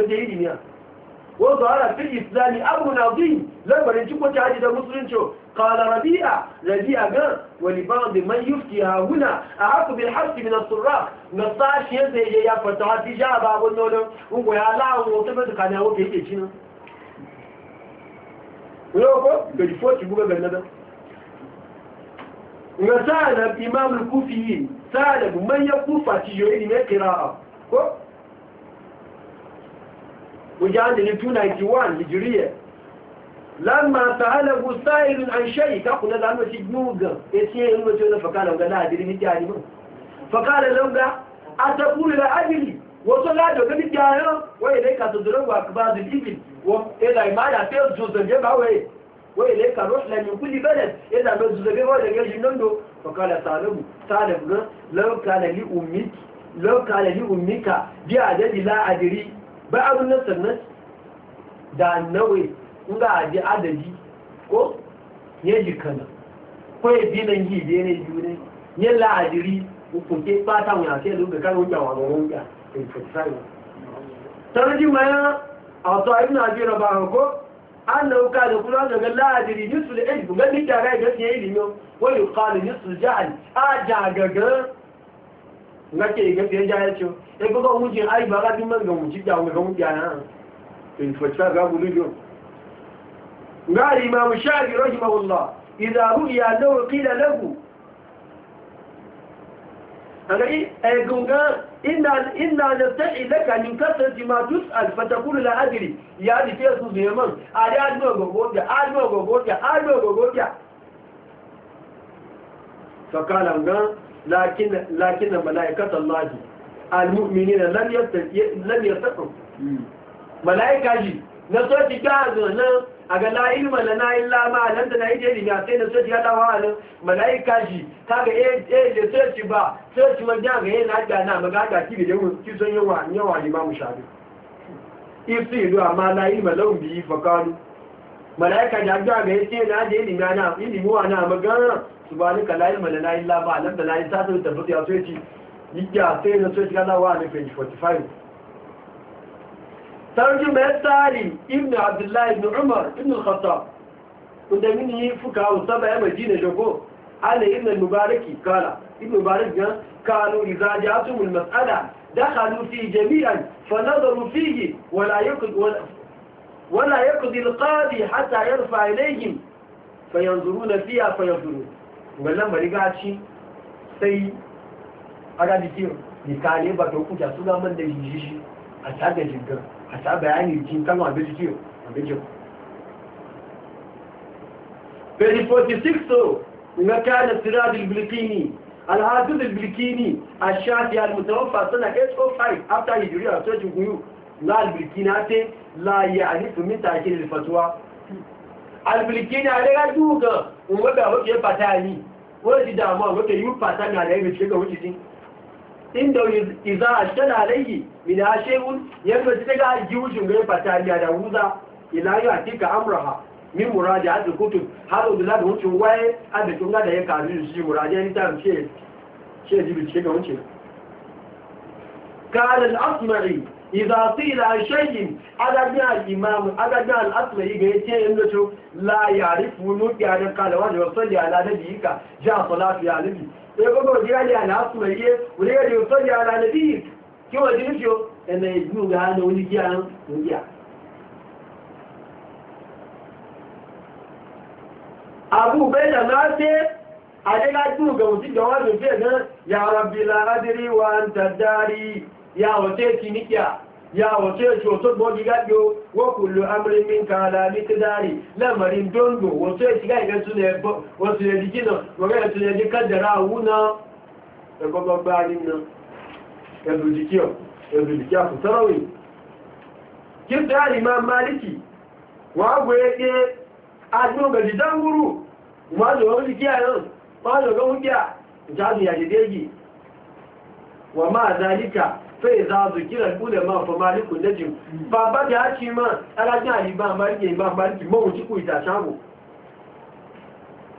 da ilimi wa zahara fil islami amrun azim lamarin cikin ta haji da musulunci qala rabi'a rabi'a ga wani ba'd man yuftiha huna ahaq bil hasb min as-suraq nasashi yanda ya fatawa tijaba wannan ungo ya lawo to ba kana wo ke cin ko ga difoti buga ga nada na sa'ala imam al-kufi sa'ala man yakufa tijo ilimi qira'a ko وجعلني 291 هجرية لما سأله سائل عن شيء تقول له أنه تجموغ يسيه أنه تقول فقال لا أدري متى أعلمه فقال له أتقول لا أدري وصل له قال متى أعلم وإليك تضرب أكباد الإبل وإذا ما لا تجوز الجمع وإليك رحلة من كل بلد إذا ما تجوز الجمع وإليك يجنونه فقال سالم سالم لو كان لي لأمك لو كان لي لأمك بأدري لا أدري ba'arun nan da nawai in za a je adadi ko ya jikana ko ya bi nan yi biye ne biyu ne ya la'adiri hukunke fata mu yashe lu kan wuya wa ga wuya in fatsai tarji maya a to ibn abi rabah ko annahu kana kula daga la'adiri nisul ilm ga ni tare ga sai ilimi wa yuqalu nisul jahil a jagaga ngake igafe ya ya ce ya kuka wuce ai ba rabin man ga wuce ga wuce wuce na in fata ga bulujo ga imam shafi rahimahullah idza ru'ya law qila lahu aga i ay e gunga inna inna nastahi laka min kasrati ma tus'al fa taqulu la adri ya di fi su yaman ari a gogo ja adno gogo ja adno gogo ja fa kala ngan lakin mala'ikata Allah al-mu'mini na lam yastaqim mala'ika ji na so ti gazo nan a ga la ilma lana lama a nan da nayi jeli ga sai na so ti hada wa nan mala'ika ji ta ga eh da so ba so ti ma ga eh na ga na maga ga ki da mu ki son yawa yawa imam shafi ifsidu amma la ilma lahum bi faqalu mala'ika ji ga ga sai na jeli na na ilmi wa na magana subhanaka la ilma lana illa ma 'allamtana la ilaha illa anta tabbata ya sai ci yiya sai na sai kana wa ne page 45 tarjuma ya tali ibnu abdullah ibn umar ibn al-khattab wanda mini fuka usaba ya madina jogo ala ibn al-mubaraki kala ibn mubarak ga kanu idza ja'atum al-mas'ala dakhalu fi jami'an fa nadaru fihi wa la yaqdi ولا يقضي القاضي حتى يرفع إليهم فينظرون فيها فينظرون wannan marigaci sai aga jikin misali ba ta hukunta su ga man da shi a ta jirgin a ta bayani jin kan abin jikin abin jikin 46 so na kana sirad al-bilkini al-hafiz 805 after hijriya 20 la al-bilkini ate la ya'rifu min ta'kil al albilkini alega ya umoda hoke patani wani damuwa hoke yi patani bishe ga wuce din inda iza tana alayhi min ashayun yanda ta ga ji wucin ga a da wuza ila a tika amraha min muraja hadu kutub hadu bila da wucin waye da tunga da ya kazu shi muraja ya ta ce ce ji bishe ga wuce قال asmari. إذا قيل شيء أدعنا الإمام أدعنا الأصل يجي إنه لا يعرف ونوك يعني قال واجب صلي على نبيك جاء صلاة يا نبي يقول جاء لي على أصل يجي وليه يصلي على نبيك كيف يجيشو إنه يجنوك هذا ونجي عنه ونجي أبو بينا ناسي adégájú ga òtí jọwọ́ lè fẹ́ gan ya rabbi la adiri wa ń tàdárí ya wọ́tẹ́ ti níkíà ya wace ya wato bogi gado wa kullu amrin min ka la miqdari lamarin dondo wato ya shiga ga sune wato ya diki no wato ya sune wuna da gogo no ya du diki yo ya e du diki afu tarawi kin da imam maliki wa gwege adu ga ma zo ga diki ayo ya فإذا ذكر العلماء فمالك نجم بابا جاشي ما أراجع الإمام مالك الإمام مالك ما وشكو يتشابه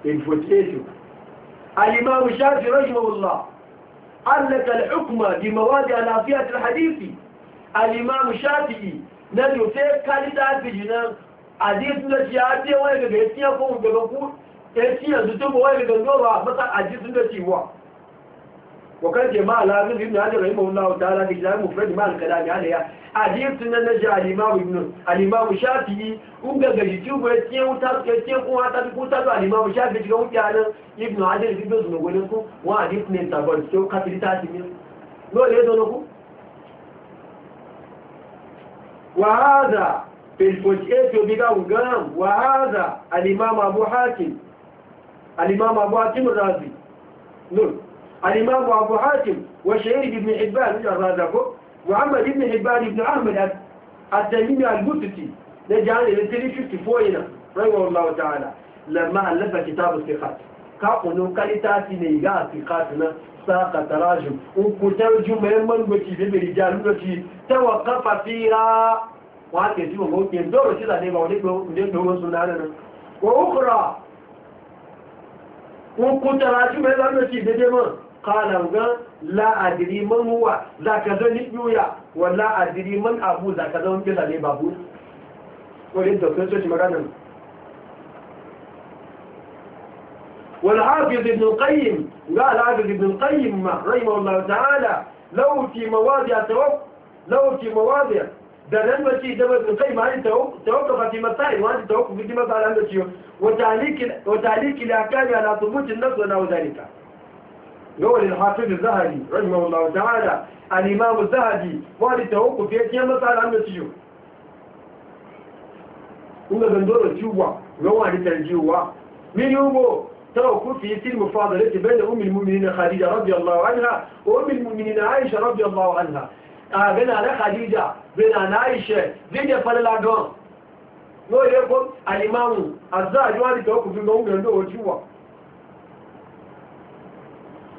الفتيسيو الإمام الشافعي رحمه الله أنك الحكم بمواضع الأفيات الحديث الإمام الشافعي نجم فيه كالدات بجنان حديث نجي عادي ويجب يتيا فوق بغفور يتيا زتوب ويجب النور مثلا حديث نجي واحد وكان جماعة لازم ابن هاجر رحمه الله تعالى في كلام مفرد مع الكلام عليها أجيبت ننجا الإمام ابن الإمام الشافعي وقال جيتيو بيتين وتاتكتين وهاتات كوتاتو الإمام الشافعي تقول يعني ابن هاجر في بيوز نقولكم وأجيبت ننتظر سو قتل تاتمين لو ليه دونكم وهذا في الفوتيات يبقى وقام وهذا الإمام أبو حاتم الإمام أبو حاتم الرازي نقول الإمام أبو حاتم والشهير بن حبان من أرادكم محمد بن حبان بن أحمد التميم البوتتي نجعل إلى 354 رأيه الله تعالى لما ألف كتاب الثقات كأنه كالتاتي نيجا الثقاتنا ساق تراجم وكترجم من بتي في برجال بتي توقف فيها وهذا يجب ممكن دور سيدا نيجا ونيجا سنانا وأخرى وكترجم من بتي في برجال قال ان لا أدري من هو ذاك ذن يبيويا ولا أدري من أبو ذاك ذن كذا لي بابو ولد دكتور شو مكانه والحافظ ابن القيم قال حافظ ابن القيم رحمه الله تعالى لو في مواضع توقف لو في مواضع ده لما شيء ده ابن القيم هذه توقف في مسائل وهذه توقف في مسائل عنده شيء وتعليق وتعليق الاحكام على ثبوت النص ونحو ذلك يقول الحافظ الذهبي رحمه الله تعالى الإمام الذهبي وهل توقف يكي مسألة عن نتيجه inda gandoro jiwa rawa da tarjiwa min yugo توقفي في المفاضلة بين أم المؤمنين خديجة رضي الله عنها وأم المؤمنين عائشة رضي الله عنها آه، بين أنا خديجة بين أنا عائشة زيد فلالدون نقول لكم الإمام الزاج وعلي توقف في المؤمنين عنده وجوه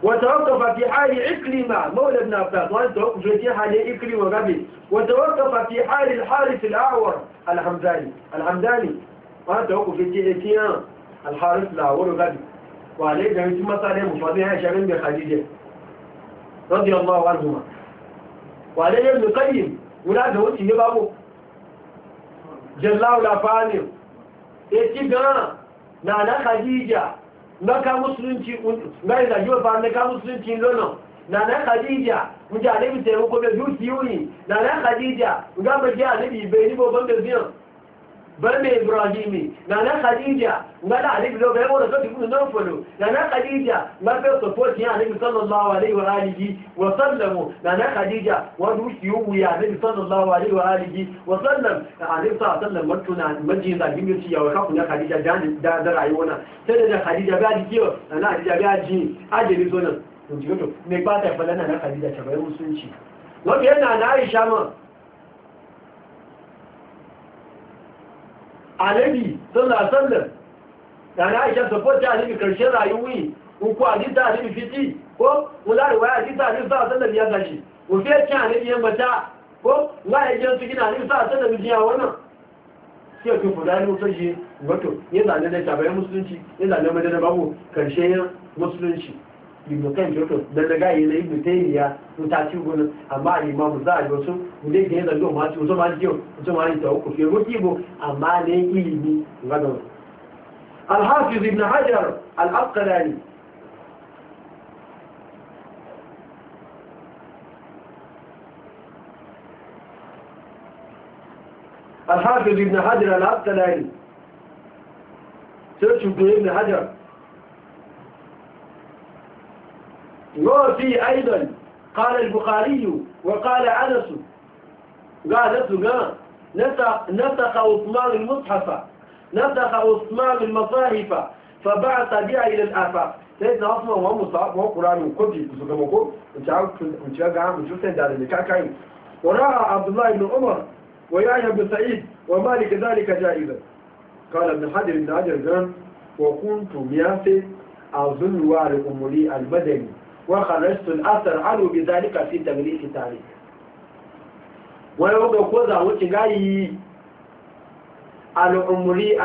وتوقف في حال إكلمة مولى ابن عباس وأن توقف في حال إكلمة قبل وتوقف في حال الحارث الأعور الحمداني الحمداني وأن توقف في حال الحارث الأعور قبل وعليه جميع مصالح مفاضيها شامل بخديجة رضي الله عنهما وعليه ابن قيم ولا دوتي بابو جلاو لفاني إيه تيجان نانا خديجة mẹ́ka musulunci mẹ́rìnlá yóò fa mẹ́ka musulunci lọ́nà nana khadija mú jẹ́ àlébìtẹ̀ ẹ̀rùn kó bẹ̀ yóò sí yóò yìí nana khadija mú gbá mẹ́jẹ́ àlébì ìbẹ̀ níbo bọ́m̀bẹ̀ fíhàn barme ibrahimi na khadija ngala alibi lo bayo da kadi kun don folo na khadija ma be support ya alibi sallallahu alaihi wa alihi wa na na khadija wa du yu ya alibi sallallahu alaihi wa alihi wa sallam alibi sallallahu alaihi wa tuna maji da gimi ci ya wa kun khadija da da rayuwa sai da khadija ba di kiyo na khadija ba ji ajeli zo nan kun ji to ne ba ta falana na khadija ta bai sun ci wa yana na aisha ma Alabi sun alaihi wasallam da na aisha tabbata alibi karshen rayuwi uku hadisi alibi fiti ko wala ya hadisi alibi sa alaihi wasallam ya gashi wufi ya cin alibi ya mata ko la ya je su gina alibi sa alaihi wasallam jiya wannan sai ku fada ni so shi wato yin zane da tabayin musulunci yin zane madana babu karshen musulunci ibn kan joto da daga yi na ibn taymiya to ta ci gona amma imamu za a wasu ne ga yadda ma ci wasu ma ji wasu ma ji tawo ku ke roki bo amma ne ilimi ngada al-hafiz ibn hajar al-asqalani الحافظ ابن حجر العبد العلي سيرش ابن حجر وفي أيضا قال البخاري وقال أنس قال نسق نسخ عثمان المصحف نسخ عثمان المصاحف فبعث بها إلى الآفاق سيدنا عثمان وهو مصاب وهو قرآن وكبي ورأى عبد الله بن عمر ويعيى بن سعيد ومالك ذلك جائزا قال ابن حجر بن حجر وكنت ياسي أظن وارق أمري المدني وخرجت الاثر عنه بذلك في تغليق تاريخ ويوضع كوزا وتغاي العمري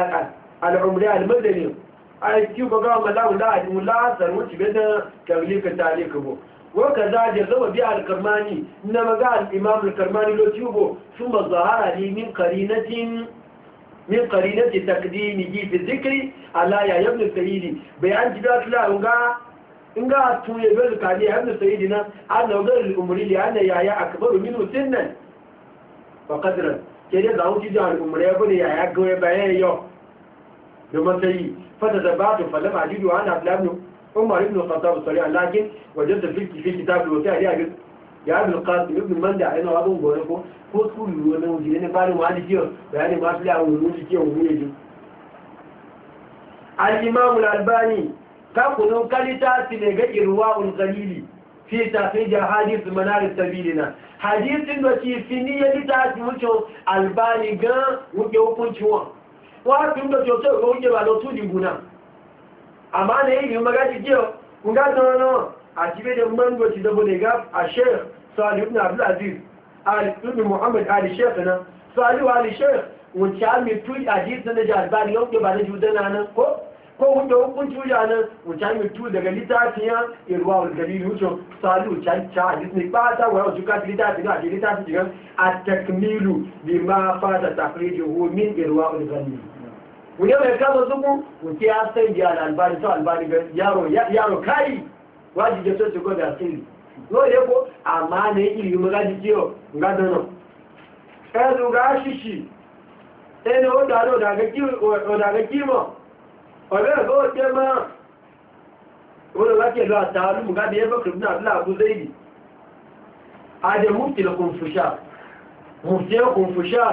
العمري المدني أيكيو بقى ملاو لا ملا أثر وتبدا تغليق تاريخ بو وكذا جزم بها الكرماني انما قال امام الكرماني لو تيوبو ثم ظهر لي من قرينة من قرينة تقديمه في الذكر على يا ابن السيدي بيان جدات لا nga tun ya bai zukari ya hannu sayi dina an na wajen al'umuri ya hannu yaya a kabar minu sin nan ba kadiran ke ne zaun jijin al'umuri ya bude yaya gawai bayan yau da matsayi fata da batu falam a jidu ana ablamu umar ibn khattab sari alakin wajen da filki fi kitab da wata ya bin ya bin qasim ibn manda ina wabin gore ko ko su yi wani wuji ne bayan wani kiyo bayanin masu da wani wuji kiyo wuji al-imam al-albani kakunan kalita su ne ga irwa ulkalili fi tafi da hadisun manarar sabilina hadisun da ci fini ya lita su wucin albani gan wuke hukunci Wa wafin da coce ga wuke ba da su diguna amma na yi yi magaji jiyo kun gata wani wọn a cibe da mangoci da bude ga a shekh salih ibn abdulaziz ibn muhammad ali shekh na salih ali shekh wuce a mitu hadisun na ji albani yau ke ba da judana nan ko ko wuce hukun cuya nan wuce mutu daga littafin ya irwa ulgari wucin salu wuce a disney ba ta wa yau juka littafin a ke littafin jiran a takmilu bi ma fata tafiri hu min irwa ulgari wuce mai kama zuku wuce ya sai biya da albani sau albani ga yaro yaro kai wajibi da sosu ko da sirri no ne ko amma ne iri magaji kiyo ga dano ɗaya zuga shishi ɗaya ne wadda wadda wadda ga kimo ọ̀rẹ́ ẹ̀gọ́ jẹ́ máa wọ́n wá pẹ̀lú àtàrí mùgábí ẹgbẹ́ kìrìbìnà àbúlà àbúzẹ́ ìlú ajẹ́ mufti lọ kùn fòṣà mufti ẹ kùn fòṣà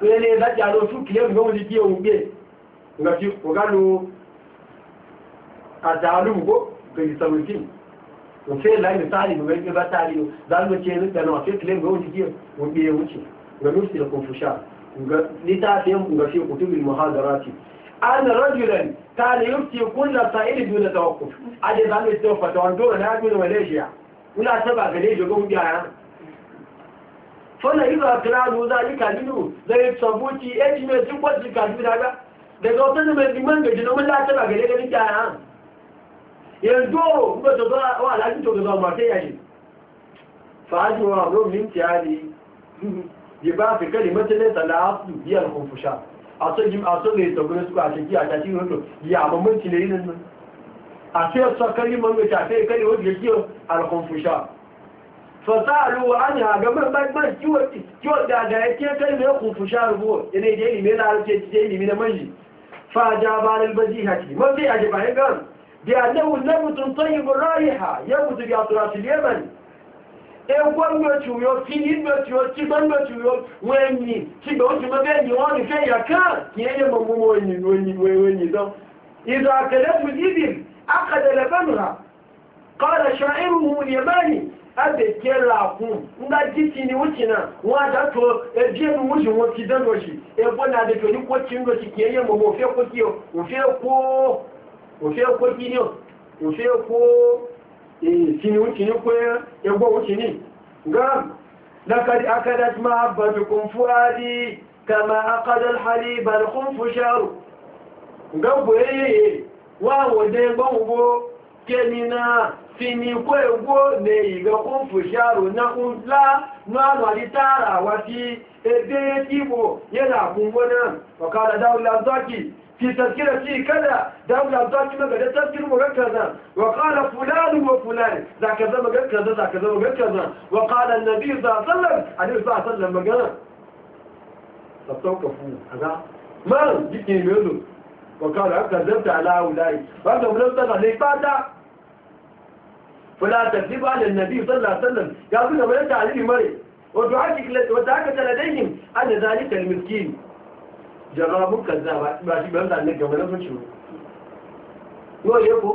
wọ́n lè láti àlọ́ tún kìlẹ̀ mú ní kí ohun gbé ìgbàtí ọ̀gálo àtàrí mùgó pẹ̀lú sọ̀rọ̀tìn òfin láì mìtàlì mú ẹgbẹ́ bá tàrí o dáńdọ̀ tí ẹni tẹ̀lé ọ̀fẹ́ kìlẹ̀ mú ní kí ohun gbé an rajulan kana yufti kullu sa'id dun tawakkuf aje zan yi tsofa ta wando na gudu malaysia ula ta ba gare je gon biya fona iza kralu zalika linu zai sabuci ejime tin kwaji ka duna ga daga wata ne mai diman ga jino mun la ta ba gare ga biya ya yanzu kuma to ba wa alaji to ga ma sai ya shi fa ajwa ro min tiyari bi ba fi kalimatu la ta'lafu bi al asọ́jì asọ́lẹ̀ ìtọ̀gbọ́n sọ́kọ́ àṣẹ́jì àṣàtí ìrọ́lọ̀ yà àmọ́mọ́ ìtìlẹ̀ yìí nínú àṣẹ́ ọ̀sọ́ kẹ́lí mọ́ méjì àṣẹ́ ìkẹ́lì ó jẹ́ kí àlọ́kùn fòṣà fọ́sáàlú àmì àgbẹ̀mọ́gbẹ̀gbẹ̀ tí ó dàgbà ẹ̀ tí ó kẹ́lì mẹ́kùn fòṣà rúgbò ilé ìjẹ́ ìlú mẹ́lá àrùn tí ó ti jẹ́ ìlú mẹ́lá mọ́yì fàájá bá lẹ́lẹ́bẹ̀jì àti mọ́bí àjẹ̀bà ẹgbẹ̀rún bí àdéhùn lẹ́bùtún tó yìnbọn ráyìí ha yẹ́bùtún bí àtúrà sí lẹ́bẹ̀rún ewó lójú yóò tí ní lójú yóò tí gbọ́n lójú yóò wọ́n ní tí gbọ́n tí mọ́ bẹ́ẹ̀ ni wọ́n ní fẹ́ yà kán kí ẹ yẹ mọ̀ mú wọn ní wọ́n ní lọ. ìdọ̀ àkẹ́lẹ́ fún ibi akadẹ̀lẹ̀ fẹ́nu ha kọ́lẹ̀ ṣọ irú mu ní ẹ̀bá ni ẹbẹ̀ kí ẹ là kún ńlá jí ti ní wọ́n ti nà wọ́n àdá tó ẹbí ẹnu wọ́n sì wọ́n ti dán lọ́sì ẹbọ́ náà àdètò ní kó tí ń lọ́sì kí ẹ yẹ mọ̀ mọ̀ òfẹ́ kó ìkíni ó kìí pé ẹgbọ́ ó kìí gam lákàdí akádàtí máa bàbí kún fúwádí kama akádàl halí bàbí kún fúṣàrù gbogbo eyeye wà wòdé gbọ́ngbó kẹ́nina fi ní kó egbó lè ìgbà kún fúṣàrù náà náà ní tààrà wá sí ẹgbẹ́ ìbò yẹ́nà àkúngbó náà في تذكرة كذا دولة أبطال كما قد تذكر وقال كذا وقال فلان وفلان ذا كذا ما قد كذا ذا كذا ما قد كذا وقال النبي صلى الله عليه وسلم عليه الصلاة والسلام ما قال فتوقفوا هذا ما جئتني منه وقال أكذبت على هؤلاء وأنت منطقة لفاتة فلا تكذب على النبي صلى الله عليه وسلم يقول ما يتعلم مريض ودعاتك لديهم أن ذلك المسكين jọ̀rọ̀ mú kàzá bá ṣe bẹ̀rẹ̀ tàbí gẹ̀mọ́ lọ́tún ṣe yóò yẹ kó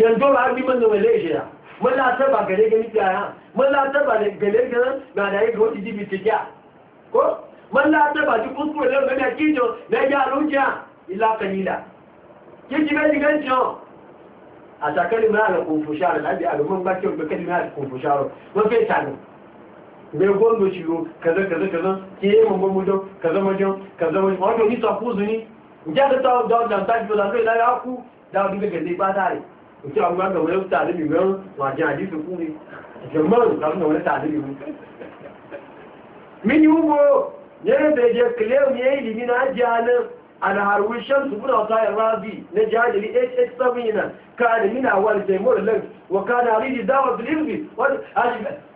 yanzu ba bi man zama lai shiya mun la taba gare gani kaya mun la taba gare gani na da yake wani jibi ta ja ko mun la taba ji kuskure da gani kijo na ya ruja ila kalila kiji mai ganjo a takalin ma ala kufusha da abi alumun bakin bakalin ma ala kufusha wa fe tanu meu bai gwamna ciro kaza kaza kaza ke yi mamban mujan kaza majan kaza majan wato ni tafu zuni ya da tawo da wajen ta jiyo zafi da ya ku da wajen da gazi ba o nke a gwamna wani wuta alibi mai wajen hadisi ku ne jamman kafin da wani ta alibi mu mini hugo ne da je kileu ne ilimi na ajiya nan الهروي الشمس بن عطاء الرازي نجاعد لي ايش ايش سوينا كان من اول تيمور لك وكان عليه دعوه بالارض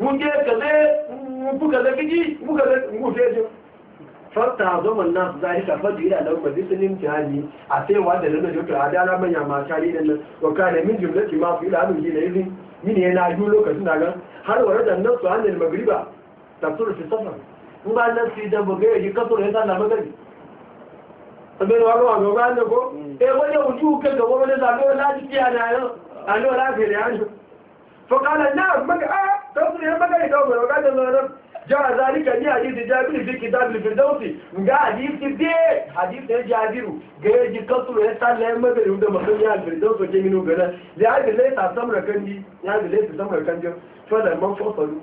ونجي كذا وكذا كذي وكذا وكذا فارتعظم الناس ذلك فضيلا لهم مجلس الامتحان عسير وعد لنا جوك العدالة من يعمل شعرين وكان من جملة ما في العالم جيل إذن من هنا يقول لك سنة هل ورد النص عن المغربة تبصر في السفر وبعد النص إذا بغير يكسر هذا المغرب abin wani wani ba da ko eh wani wuju kan da wani da ko laji ya na yau alo lafi da yanzu fa kana na maka a tafsir ya maka da ko ga da nan ja zalika ni hadith jabir fi kitab al-firdaus ga hadith bi hadith ya jabiru ga yaji kasu ya sallai magari da mutum ya al-firdaus ke minu gana ya ga lai ta samra kandi ya ga lai ta samra kandi fa da man fasalu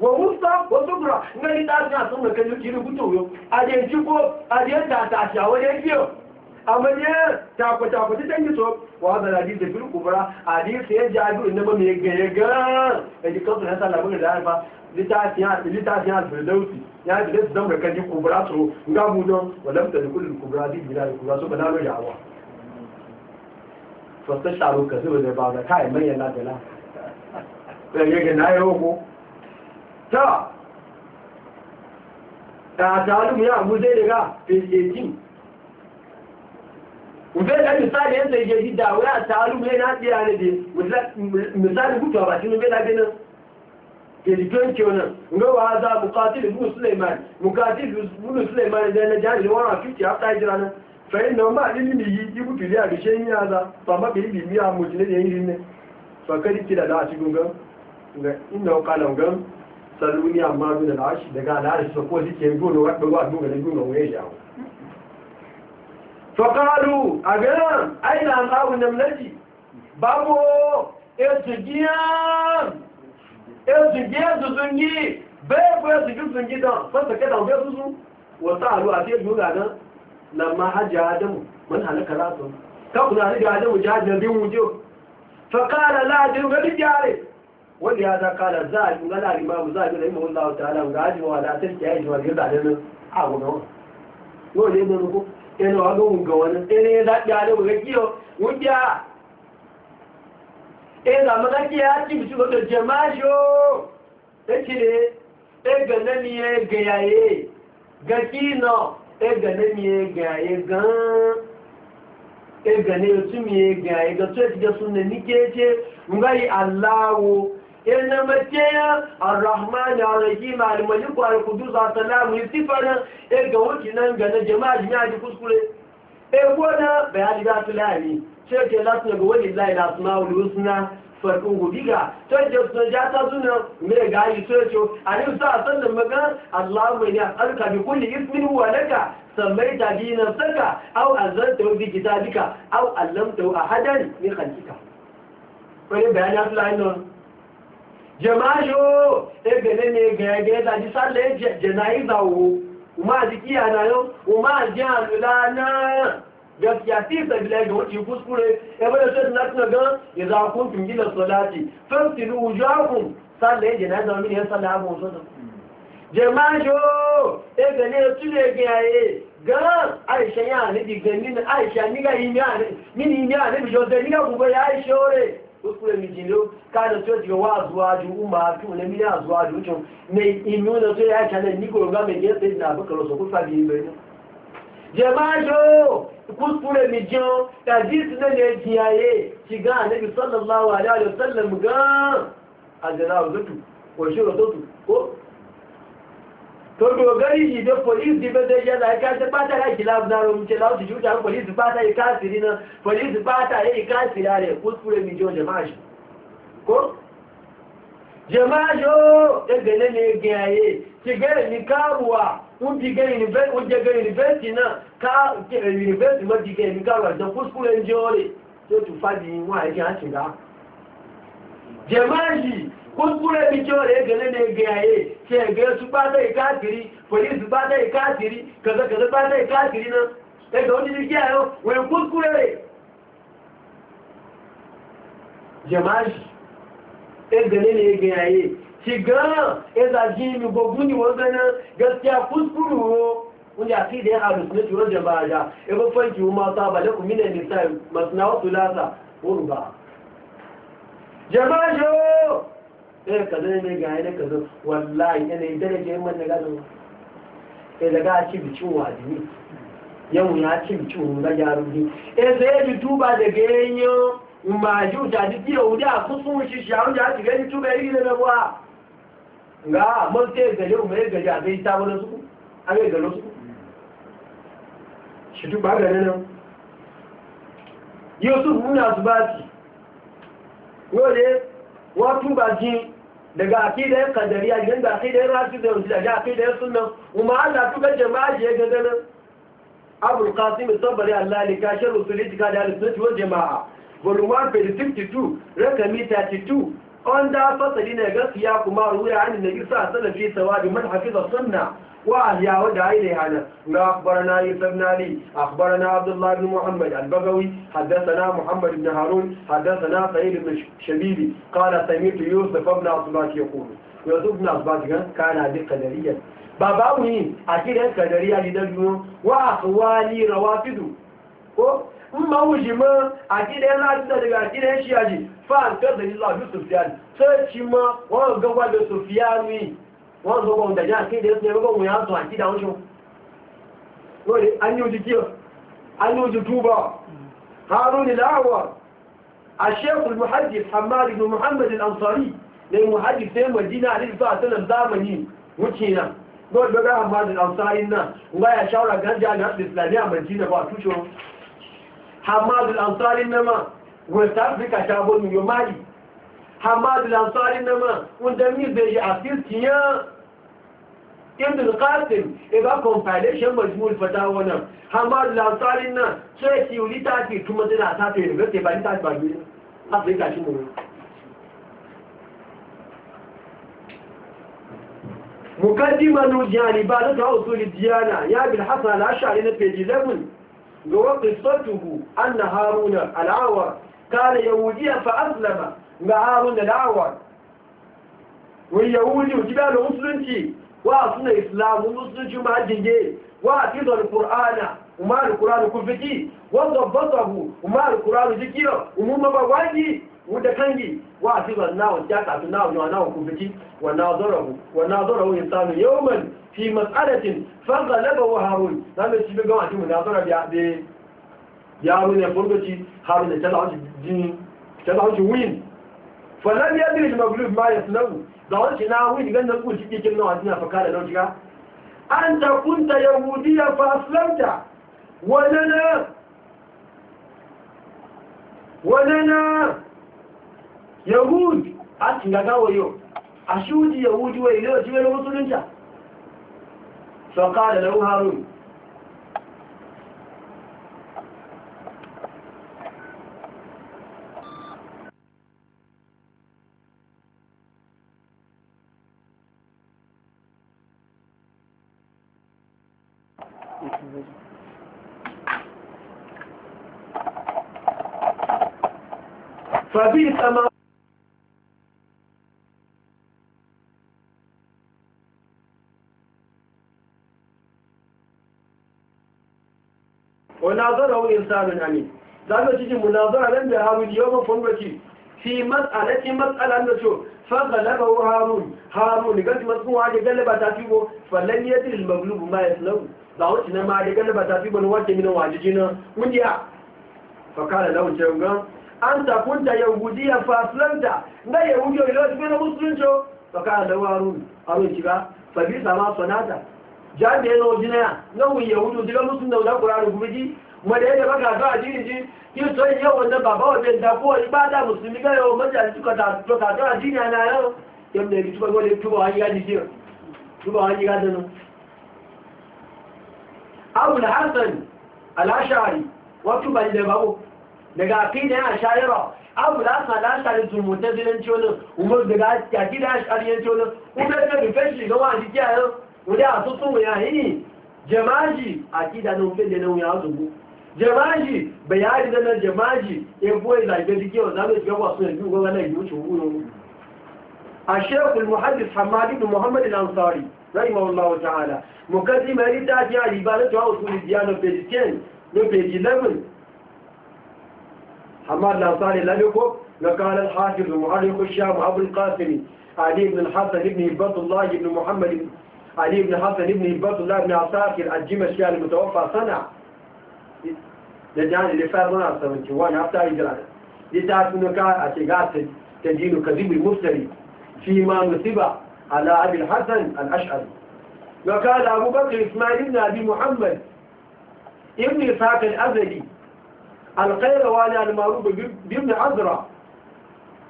wa musa ko subra ngani ta ta sun da kaje kiri gutu yo aje jiko aje ta ta sha waje kiyo amanye ta ko ta ko tan yi so wa da hadis da fil kubra hadis ya jabi inda ba me ga ga aje ko ta la kubra so ga mu don kubra di bila kubra so bana lo yawa fasta sharu kasu da ba da kai mai yana da la ya ga na ta tààtàlùmù yà mú zai daga fèsìtì ufẹ́ da misali yadda yake ji da wuya tààlùmù yà na tsira ne misali hutuwa ba cikin bela benin kirkin kyonan gawa za mukatil bu suleiman mukatil bu suleiman da na jari da wani fiti hafta jira nan fa'in na ma ilimi yi ibu fili a rishe yi yaza ba ma bi ilimi a ne da yi rinne fakari kila da a cikin gan inda kala gan saluni amma duna da shi daga al'arshi ko suke gona wadda ruwa duna da duna waye jawo faƙaru a ganin aina an abu namlaji babu ezugiya zuzungi bai kuwa zugi zungi don fasa kada bai zuzu wata alu a sai juna nan lamma hajji adamu man halaka rasu kakuna hajji adamu jajin rin wujo faƙara la'adin wani gyare ya a ولهذا قال الزاهد قال الإمام الزاهد رحمه الله تعالى قال ولا تشتهي أجوى الجزء لنا أعوى yóò lé lórí kó ẹnu ọdún gọ̀wọ̀n ẹni láti àríwò rẹ̀ kí o ń jẹ́ à ẹ̀rọ àmọ́lájí ájìm tí lọ́dọ̀ jẹ ga yóò ya ẹgbẹ̀lẹ́ ga ẹgbẹ̀yàyé gẹ̀kí nọ ẹgbẹ̀lẹ́ ni ẹgbẹ̀yàyé gan-an ẹgbẹ̀lẹ́ ina makeya arrahman da rahim almaliku alkudus assalamu istifana e ga wuce nan ga na jama'a jami'a ji kuskure e gona bayani da su lani ce ke lati ga wani lai na suna wani husna farkon gubiga to ce sun ja ta suna me ga yi so ce a ne sa da maga allah mai ne alka bi kulli ismin wa laka sammaita bi nafsaka aw azanta bi kitabika aw allamta ahadan min khalqika ne bayani da su lani jẹmáyó ebèlé ni gẹ̀ẹ́gẹ́ ìdájí sálẹ̀ jẹ̀náìzà wo o máa di kí àdáyó o máa jẹ́ àlùlá náà gẹ̀ẹ́sì àti ìsẹ̀bìlẹ̀ ẹgbẹ̀rún ti kú skúrẹ́ ẹgbẹ́rẹ́ tó ti látínà gan ìzàkún tún jílẹ̀ sọ láti fẹ́ǹtì ní ojú ààbùn sálẹ̀ jẹ̀náìzà omi yẹn sálẹ̀ ààbùn sọ́tọ̀ jẹmáyó ebèlé túlẹ̀ gẹ̀ẹ́ gan àìṣẹ́yà nídìí gan nínú àìṣẹ́ nígbà kukure mijilo kana to jiga wa azuwaju umma tu ne mi azuwaju to ne inu na to ya chale ni ko ga me je te na ba kalo so ku fabi me no jamajo kukure mijo hadis ne ne jiyaye shiga annabi sallallahu alaihi wasallam ga ajra zutu ko shiro zutu ko to dogari shi da polisi ba zai yana ya kashe ba ta kashi labzaro mace lauti juta polisi ba ta yi kasiri na polisi ba ta yi kasiri a ne kuskure mijo jama'a shi ko jama'a shi o ya gane ne gayaye ki gane ni karuwa un ti gane university na ka university ma ti gane ni karuwa da kuskure mijo ne to tu fadi wọn a yi jama'a shi kúrúkúrú ẹbí tí ó rẹ̀ gẹ̀lẹ́ ní ẹgbẹ̀ ayé tí ẹgbẹ̀ tún pátá ìkáàkiri pòlísì pátá ìkáàkiri kẹ̀kẹ̀kẹ̀ pátá ìkáàkiri náà ẹgbẹ̀ ó níbi kí àyọ́ wọ́n kúrúkúrú rẹ̀ jẹmáàṣì ẹgbẹ̀lẹ́ ní ẹgbẹ̀ ayé ti gan ẹzà jí mi gbogbo ni wọ́n gẹ́nà gẹ́sìá kúrúkúrú wo wọ́n yà sí ìdẹ́ àlùsùn tí wọ́n jẹ bá ajá ẹgbẹ́ fẹ́ǹkì wọn máa sábà lẹ́kùn mílẹ̀ nìta màtìnáwó tó lásà wọ́n rù bá jẹmáàṣì ó ɗaya eh, kaza ne ga yana kaza wallahi yana yi daraja yin manna gado ɗaya eh, daga ci bici wajini yau ya ci bici wani na gyaru ne ɗaya eh, zai yi tuba da ganyen maju ta ji fiye wuri a kusun shi shi yawon da haka gani tuba yi da rabuwa ga mun sai gari umar gari a zai ta wani su a zai gari su shi tuba gari nan yusuf muna su ba ci yau wọ́n tún bá jí daga akidayar kadariya gidan da akidayar rasu da yanzu daga akidayar sunan umar allah tuka jama'a je ga ganin abul qasim sabari allah ne kashin rusuli jika da alisunan jama'a volume 1 52 rakami 32 قال دا فصلنا قصيا كما روى عن النبي صلى الله عليه وسلم في من حفظ السنة وأهيا ودعا إليه أنا ما أخبرنا يوسف بن علي أخبرنا عبد الله بن محمد البغوي حدثنا محمد بن هارون حدثنا سعيد بن شبيبي قال سمعت يوسف بن أصبات يقول يوسف بن أصبات كان هذه قدريا باباوني أكيد قدريا لدجنون وأخوالي روافدوا ma wuce ma a gidan lafiya daga gidan shiyaji fa'an kasa yi lafi sufiyani sai ma wani gaba da sufiyani wani zo gwamnati ya kai da ya tsaye gwamnati ya zo a gida wucin wani an yi jikiyar an yi jituba haruni la'awa a shekul muhaddis hamari da muhammadin ansari ne muhaddis sai madina alif za a sanar zamani wuce na gwamnati ga hamari da ansari nan ba ya shawara gan jami'ar islamiyya madina ba tushe hamadu lansari nama west africa ṣàbọ̀ new Hamad hamadu lansari nama wọ́n dẹ̀ ní ìbẹ̀yẹ àfíìsì yán ibn qasim ẹgbà compilation majmul fatawa náà hamadu lansari náà tẹ́ẹ̀tì olítàkì túnmọ́tẹ́ náà sáfẹ́ ìrẹ̀lẹ́tẹ̀ bá nítàkì gbàgbé áfíríkà sí mọ̀ mukaddiman jihani ba da ta usuli diana, ya bil hasan al-ash'ari na page 11 zuwa haruna an na harunan al'awar kala yahudiya fa aslama ga harun al'awar wani yahudi wa gida da musulunci wa a suna islamu musulunci ma dinge wa a fi zuwa ƙur'ana umaru ƙuranu kurfiki wa zuwa bazahu umaru ƙuranu jikira umu mabawaji wuda kangi wa asiban nawo jaka su nawo yawa nawa kubiki wa nawo zorahu wa nawo zorahu insanu yawman fi mas'alatin fa laba wa harun zamu ci bi gawa ci mu nazara da ya yaro ne furgoci harun da tala jin tala ji wuyin fa ya yadri al maghlub ma yasnahu da wani na wuyin gan nan kun cikin kin nawa na faka da nan an anta kunta yahudiya fa aslamta wa lana wa yahud a tinga gawo yau a shi wuji yahudu wai ne wajen yana musulunta sau kada da harun فبئس ما kitabin amin zaga cikin munazara nan da harun yau mafan waki fi mas'alati mas'alan da so fa galaba harun harun ga masu wa da galaba ta fi go fallan yadil al-maghlub ma yaslu ba wuce na ma da galaba ta fi go wace min wajiji na mundiya fa kala lahu jawga anta kunta yahudiya fa aslanta ga yahudiyo ilo tibena musulunjo fa kala lahu harun harun kiga fa bi sama sanata jabe no jinaya nan yahudu diga musulunjo da qur'ani gubiji wanda ya gaba ga zuwa jini yin so yau wanda baba wajen da kowa ibada musulmi ga yau majiya da suka tafi ta zuwa jini a na yau yau da ya tuba wani tuba wani ya jiji tuba wani ya dano abu da hassan al'ashari wato ba da babu daga akida yana shayarwa abu da hassan al'ashari sun mutu zilin ciwonin umar daga akida ya shari'ar ciwonin umar da rufe shi ga wani kiyayen wuri a tutsun wuya yi jamaji akida na wufe da na wuya jamaji bayani na nan jamaji ya boye zage dike wa zamu shiga wasu yanzu gobe nan yi wuce wuro a shekul muhaddis hamadi bin muhammad al-ansari rahimahullahu ta'ala mukaddima ya ta ji al-ibadatu wa usul diyana page 10 no page 11 hamad al-ansari lalle ko na kana al-hafiz muharrik ash-sham abu al-qasim ali ibn al-hasan ibn allah ibn muhammad ali ibn hasan ibn allah ibn asakir al-jimashki al-mutawaffa sana da jihadi da 571 after hijira littafi na ka a shiga ta dinu kazibul muftari fi ma musiba ala abin hassan al'ash'ari wa kala abubakar ismail na bi muhammad ibn isaac al'azali القيرواني المعروف بابن عذرة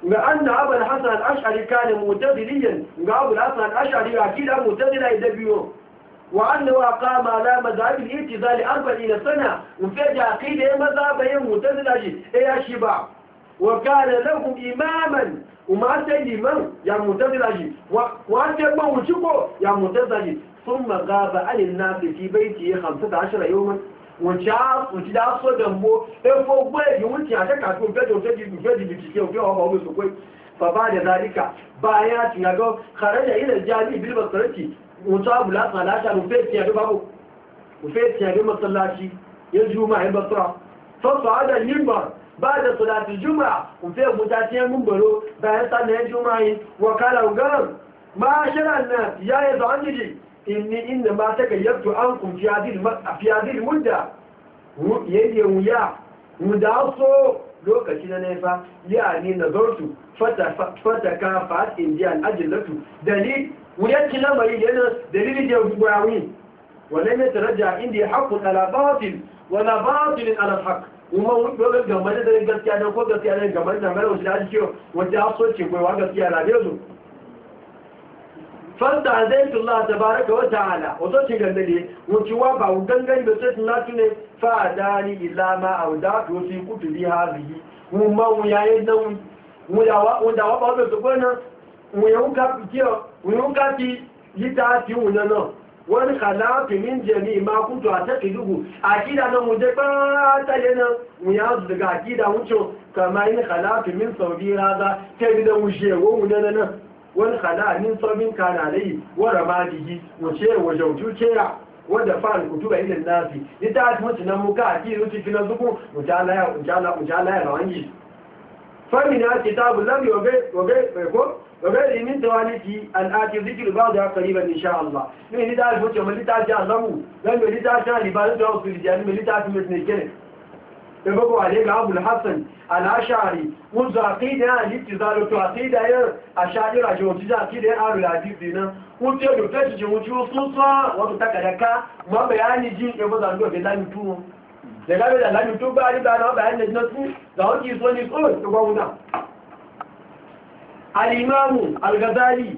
وأن أبا الحسن الأشعري كان متدليا وأبو الحسن الأشعري أكيد متدلي إذا بيوم وأنه أقام على مذهب الاعتزال أربعين سنة وفجأة عقيدة مذهبين متزلج يا شباب وكان لهم إماما وما سلم يا وأنت ما موجبه يا متزلج ثم غاب عن الناس في بيته خمسة عشر يوما وشاف dá sọ́dọ̀ mọ́ ẹfọ́ gbọ́ èdè wọ́n ti àtẹ́kà tó fẹ́jọ fẹ́jì bìtìkì òfin ọmọ omi sọ pé bàbá àdẹ̀dà ríkà bá ayé mutu abu latsa a rufe tiyari babu rufe tiyari masallaci ya juma ya basura fasa hada limba ba da salatin juma rufe mutaciyar mumbaro bayan ya juma yi kala garin ma shirar na ya yi zuwa jiji inni inda ma ta gayyartu an kun fiyadil mudda yayye wuya mu da so lokaci na nefa ya ne nazartu fata ka fa'at indiyan ajillatu dalil ويأتي لما يجينا دليل جاوز براوين ولم يترجع عندي inda ya باطل ولا باطل على الحق kuma dogon gamar da gaskiya don ko gaskiya ne gamar da mara wasu da ake kiyo wadda ya so gaskiya na biyu su fanta zai ta bara ka wata ala wato ce ganda ne wucewa ba gangan da sai tunna tune fa dani illa ma a wuda to sai kutu bi ha kuma mu yayin nan mu da wa ba su kwana wùyẹ̀wù ká ti yíta ti wù náà náà wọ́n ní kàláàpì ní jẹ̀mí ìmákútù àtẹ́kìlúgù àkídà náà mú jẹ́ pẹ́ẹ́tẹ́lẹ́ náà wùyẹ̀ á zùgbà àkídà wúcho kàmá ní ní sọ̀rí ráza tẹ́bí náà wùṣe ìwòhùn náà náà wọ́n kàláà ní sọ́bín kàrà lẹ́yìn wọ́n rà máa dìí wòṣe ìwòṣe òtútúra wadda a kiri wuce fina famina kitabu lam ko وغير من دوانتي الآتي ذكر بعضها قريبا إن شاء الله من اللي تعرف وجه من اللي تعرف جعلمه لأن اللي تعرف جعل إبادة رسول الجانب من اللي تعرف مثل الجنة يبقوا عليك أبو الحسن الأشعري منذ عقيدة الابتزال عقيدة أشعري رجوع تجا عقيدة أهل العزيز دينا وانت يدو تجي وجوه صوصة وانتك لك ما بياني جين يبقى ذلك بلا نتوه لقد لا نتوه بعد أن أبعد نجنسه ذلك يصنع الأول تقومنا al'imamu al-gazali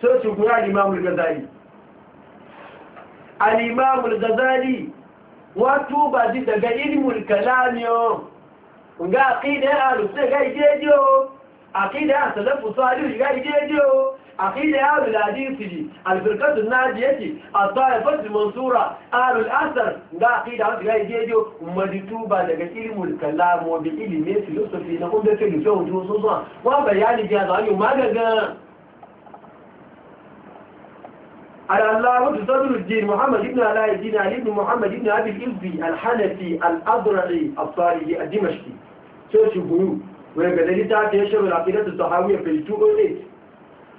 so su kura al'imamu al-gazali al'imamu al-gazali wato ba ji daga ilmul kalamiyo ga aqida ahlus sunna ga idejo aqida salafu salih ga idejo يا أبو الأدين دي الفرقة الناجية الطائفة المنصورة أهل الأثر ده عقيدة أهل الحديث دي دي مدتوبة لك علم الكلام وبعلم الفلسفي نقوم وجوه صوصا وابا يعني جهاز عني وما ده على الله صدر الدين محمد ابن علاء الدين علي ابن محمد ابن أبي الإبي الحنفي الأضرعي الصاري الدمشقي سوشي بيو ويقدر لتعطي يشرب عقيدة الصحاوية في 208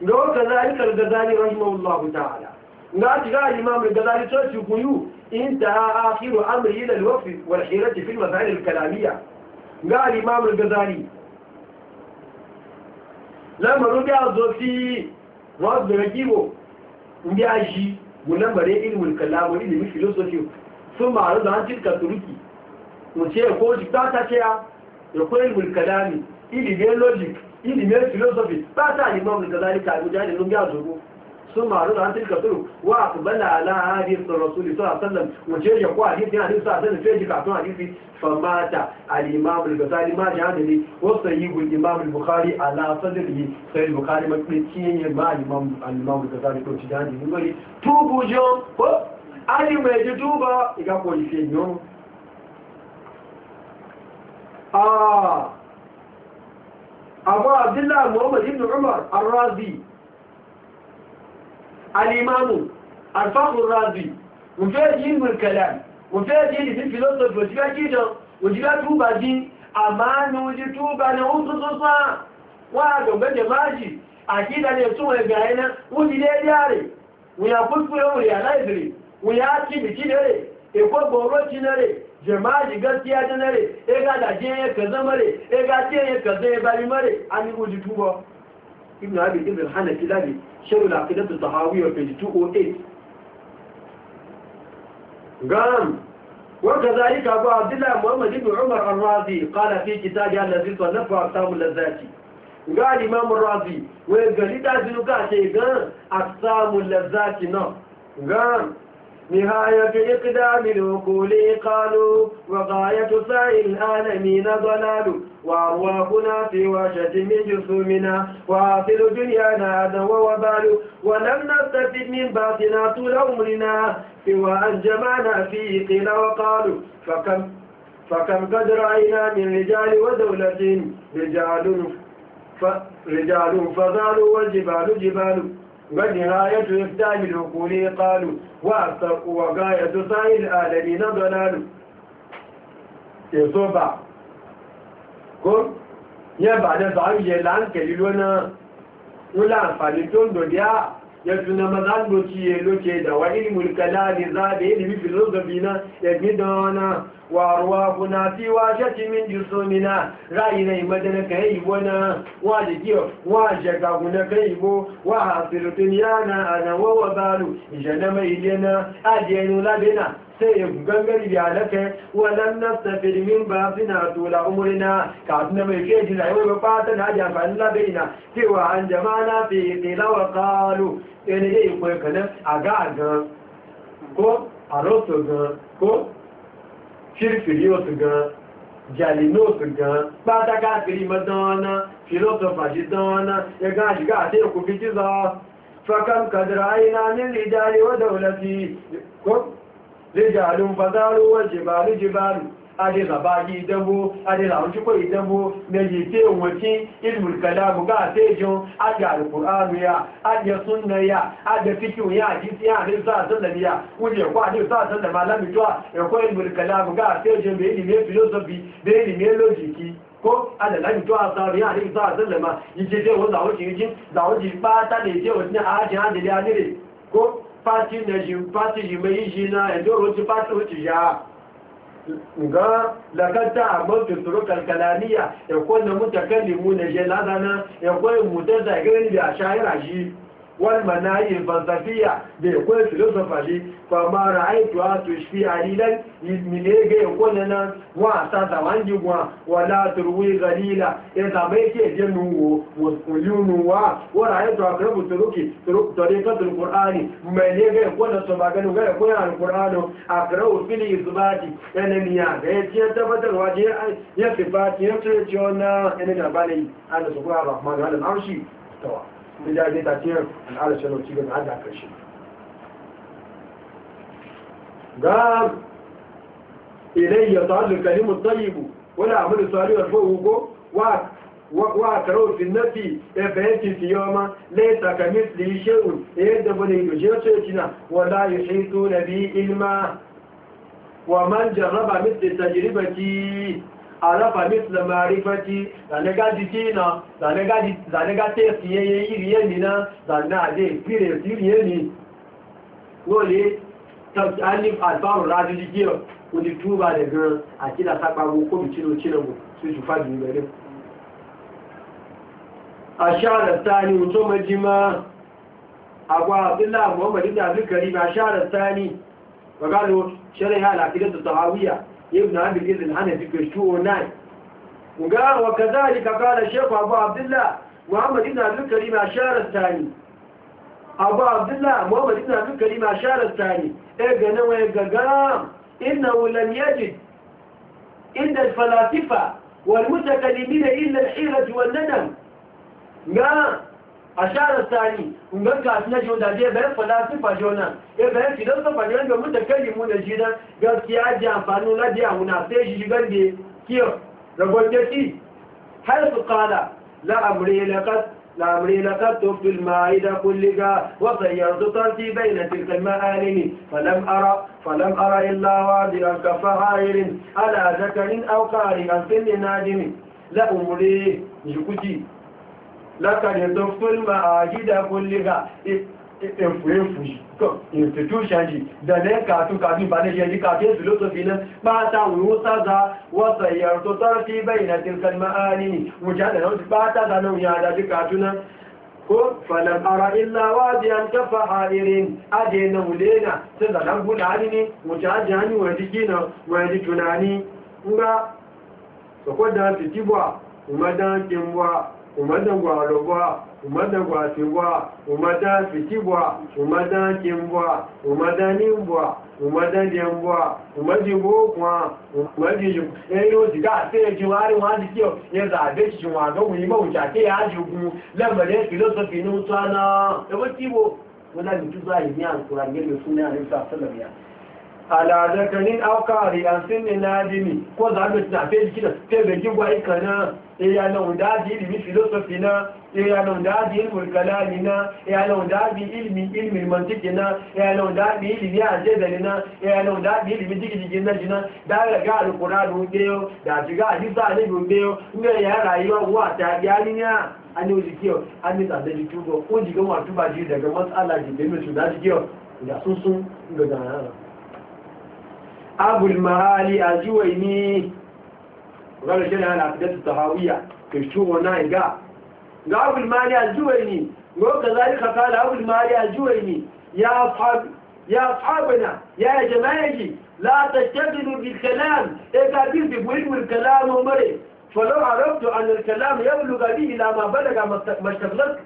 don ka zalikar gazali rahimahullahu ta'ala na shiga imam al-gazali to shi kuyu intaha akhiru amri ila al-waqf wal hirati fi al-masail al-kalamiyya ga imam al-gazali lamma rubiya zo fi wad rajibo ndi aji gunan bare ilmul kalam ilmi philosophy sun ma arzu an tilka turuki mu ce ko shi ta ta ce ya ko ilmul kalami ilmi logic ilimin philosophy ba ta limamin da zalika abu jani lungi a zogo sun maru da hantar kasuru wa a kubala ala hadis da rasuli sa sallam wace ya kuwa hadis ya hadis sa sallam fiye jikatun hadisi famata al-imamul gazali ma ji hadari wasu yi gul imamul bukhari ala sadrihi sai bukhari mafi ya ma al-imamul gazali ko ci jani nugari tubu jo ko ali mai ji tuba iga ko yi fiye yau أبو عبد الله محمد بن عمر الرازي الإمام الفخر الرازي وفيه علم الكلام وفيه علم في الفلسفة وجبه كده وجبه توبة دي أمان وجبه توبة نعوذ صصا وهذا بجه ماجي أكيد أن يسوه الجاهنة وجبه دياري ويا فسفر ويا نايزري ويا أكيد كده إيه كوب بورو كده jama'a gaskiya ta nare e ga da je ya kaza mare e ga ce ya kaza ya bari mare an yi guji tuba ibn abi ibn al-hanafi labi sharh al-aqidah al page 208 gam وكذلك أبو عبد الله محمد بن عمر الرازي قال في كتابه الذي صنفه أقسام اللذات قال إمام الرازي وقال لتعزلك شيئا أقسام اللذات نعم قال نهاية إقدام العقول قالوا وغاية سعي العالمين ضلال وأرواحنا في وشة من جسومنا وآخر دنيانا أذى ووبال ولم نستفد من باطنا طول عمرنا سوى أن جمعنا فيه قيل وقالوا فكم فكم قد رأينا من رجال ودولة رجال فرجال فزالوا والجبال جبال ونهاية إفتاح العقول قالوا وغاية سائل العالمين ضلال يصبع كم يبعد ضعيف láńkẹ̀lú lọ́nà ó láǹfààní tó ń dòdí á yẹtùnà mazalbo kí è lókè ìdàwà ìlú mùlùkàlá àdìzá àdìyẹ́ ìlú fìlósọ̀bì náà ẹ̀gbìdàn náà وارواحنا في واجة من جسومنا رأينا مدن كيبنا واجديو واجكا هنا كيبو وحاصل دنيانا أنا ووبالو جنم إلينا أدين لبنا سيب غنغر بيالك ولن نستفر من بابنا طول عمرنا كعبنا ملكيج العيوة بفاتنا جفن لبنا سوى عن جمعنا في قيل وقالوا إن إيه قلقنا أقعد ko a rosto ko ṣífìrí òsì gan jàlínú òsì gan pátákà kiri mọ́ dánwọ́ná fìlọ́sọ̀fà sí dánwọ́ná ẹgbẹ́ àṣìká àti èkó fi jízọ fakam kàdìrà àyíná nílì ìjáre ó dẹ̀wọ̀lẹ́ fi lè jàlú fasáàrú wọ́n jìbàlú jìbàlú ade zaba yi dambo ade lawon ci koyi dambo na yi te wancin ilmul kalamu ga te jin ade alqur'anu ya ade sunna ya ade fikihu ya hadisi ya ade sa sallam ya kuje ko ade sa sallam malami to ya ko ilmul kalamu ga te jin be ilmi philosophy be ilmi logic ko ada lami to asa ri ade sa sallam yi je je won zawo ji ji zawo ji ba ta de je won ni a je ade ya ni ko pati na ji pati ji me yi ji na e do ro ti pati o ti ya ga lakanta abin tuturu kalkalaniya ya kwanan mutakallimu na jelazana ya kwanan mutar zagayen da a shahira shi والمناهي الفلسفية بيقول الفلسفة دي فما رأيتها تشفي عليلا من إيجا يقول لنا وعساسا وانجوا ولا تروي غليلا إذا ميكي جنوه مسؤولونه ورأيت أقرب تركي ترك طريقة القرآن من إيجا يقول لسباقنا يقول عن القرآن أقرب في الإثبات أنا مياه إيجا تفتر واجه يصفات يصفات يصفات يصفات يصفات يصفات يصفات يصفات يصفات يصفات يصفات يصفات يصفات da ja dai tafiyar al'ada shanar ci gaba da karshe ga ilayya ta'allu kalimu tayyibu wala amru salih wa fuhu wa wa karo fi nafi ebeeti fi yoma laita ka misli shay'un yadda bane yuje ce kina wala yuhitu nabi ilma wa man jarraba misli tajribati arafa mitla marifati zanaga jikina zanaga tesi yeye iriye nina zanaga ade experience iriye ni wole tafi alif alfaru raju jikiyo kudi tuba da gan a kila sakpago ko bicino cinago su ju fadi gari a shahara tsani wuto majima agwa muhammadu da a da ابن عبد الإذ الحنفي كشتوه ناي وقال وكذلك قال الشيخ أبو عبد الله محمد بن عبد الكريم أشار الثاني أبو عبد الله محمد بن عبد الكريم أشار الثاني إيقنا وإيقام إنه لم يجد عند الفلاسفة والمتكلمين إلا الحيرة والندم ما أشار الثاني ونقول كاتنا جونا دي فلاسي فجونا فلاسفة جونا بين فجونا جونا متكلمون جدا قال كي عادي أنفانو لا دي أمنا سيجي جيغان دي كيو ربوتتي حيث قال لا أمري لقد لا أمري لقد تفت المائدة كلها وصيرت ترتي بين تلك المآلم فلم أرى فلم أرى إلا وادرا كفهائر على ذكر أو قارئا في النادم لا أمري جكتي látàrí tó fúnmà àjídà kó lera ẹ̀fùrẹ́fù institution yìí dẹ̀lẹ́ kàtúkàtú ìbànẹ́jẹ́ ní kàtíyèsù ló tó fi náà pátá wùrú sáza wọ́sẹ̀ ìyàrù tó tọ́rọ sí bẹ́yìn àti kalmà áàrin mùjádà náà ti pátá dáná òyìn àdájú kàtúná ko falam ara illa wadiyan kafa hairin aje na mulena sai da nan guda ni ne wuce aje hani wa jiki na wa ji tunani nga so ko da fitibwa kuma dan kimwa umadagwa alobwa umadagwa atibwa umada fitibwa umada kimbwa umada nimbwa umada dembwa umadi bokwa umadi eyo diga se jiwari wa dikio ye za be jiwa go wi ke ya jugu la mare tsana e tibo wala ni tuza ni an ni sa sallam ala zakarin aukari an sinni nadimi ko zaɓe na fe jiki da fe bai gigwa ika na iya na wundaji ilimin filosofi na iya na wundaji ilimin kalami na iya na wundaji ilimin ilimin mantiki na iya na wundaji ilimin ajezali na iya na wundaji ilimin jigijigin na jina da ya ga alukura da wudeyo da jiga ajisa ne da wudeyo inda ya rayuwa wa ta yaniya an yi wujikiyar an yi tsadar jitubo ko jigan wa tuba ji daga matsala jibin mutu da da sun sun ga أبو المعالي أجويني وقال أنا على عبدة التهاوية كشوه نائقا قال أبو المعالي أجويني وقال كذلك قال أبو المعالي أجويني يا أصحاب يا أصحابنا يا جماعي لا تشتغلوا بالكلام إذا كنت بإلم الكلام أمري فلو عرفت أن الكلام يبلغ به إلى ما بلغ ما اشتغلت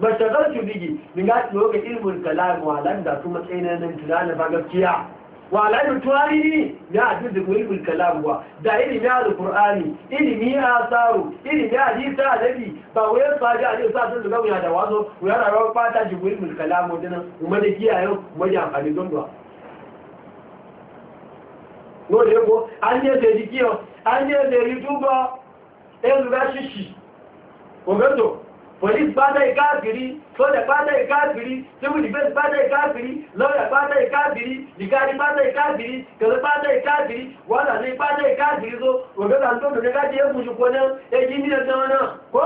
ما اشتغلت به من قاتل هو إلم الكلام وعلم ذاتو مكينة من كلام فقط كياه wa lalu tuwarini ya hadisi kulibul kalam wa da ilimi alqur'ani ilimi asaru ilimi hadisi adabi ba wai saji hadisi sa sun zuga mu da wazo mu yana rawa fata jibril kalam wa dinan kuma da kiyayo mu da amfani don duwa no le ko an je de dikio an je de yutuba e zuga shishi ko gato police bada ikafiri soja bada ikafiri civil defense bada ikafiri lawyer bada ikafiri ligari bada ikafiri kele bada ikafiri wala ni bada ikafiri so ogeza ntondo ne kaje ebuju kona eji ni na na ko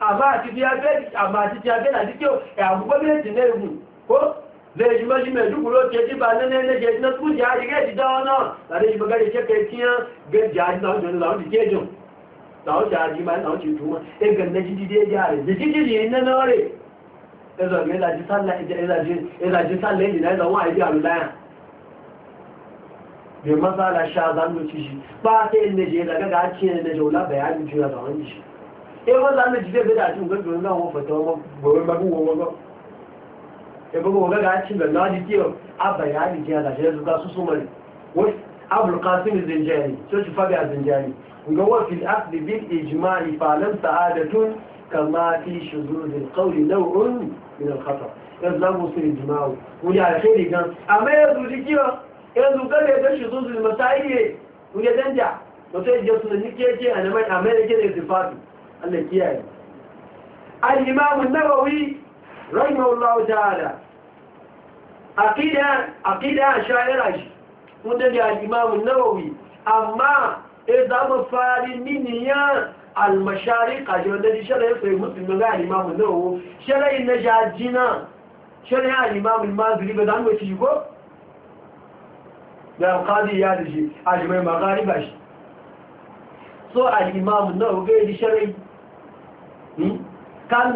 ama ati bi abe ama ati ti abe na ti o e abugo bi ti nebu ko le jima jima duku lo ti ba na na na je na ku ja ri ge ti da na la de jima ga je ke tian ge ja na na la je jo 早下你买早去出嘛，哎，跟那几几姐家的，你几几姐在哪里？那说原来去山来，原来去原来去山来，你来到外地了噻。你们啥来下咱们去去，把这那些那个干钱那些那白俺们去了上去。哎，我咱们几个别打去，我跟主任让我不到，我我我我我我。ya هو في الأخذ بالإجماع فعلم سعادة كما في شذوذ القول نوع من الخطأ يظلم وصل إجماع ويا على خير كان أما يزو ذكيه يزو كان يدى شذوذ المسائل ويا دنجا وتجد يصل النكية أنا ما أعمل كده صفاته الله كياه الإمام النووي رحمه الله تعالى عقيدة عقيدة شاعر عشي الإمام النووي أما e za mu fari miniyan almashari kaji wanda ji shara ya sai musulmi ga alimamu na owo shara yi na jajina shara ya alimamu mazuri ba za mu ci ko da alkadi ya da shi alimai magari ba shi so alimamu na owo ga yi shara yi kan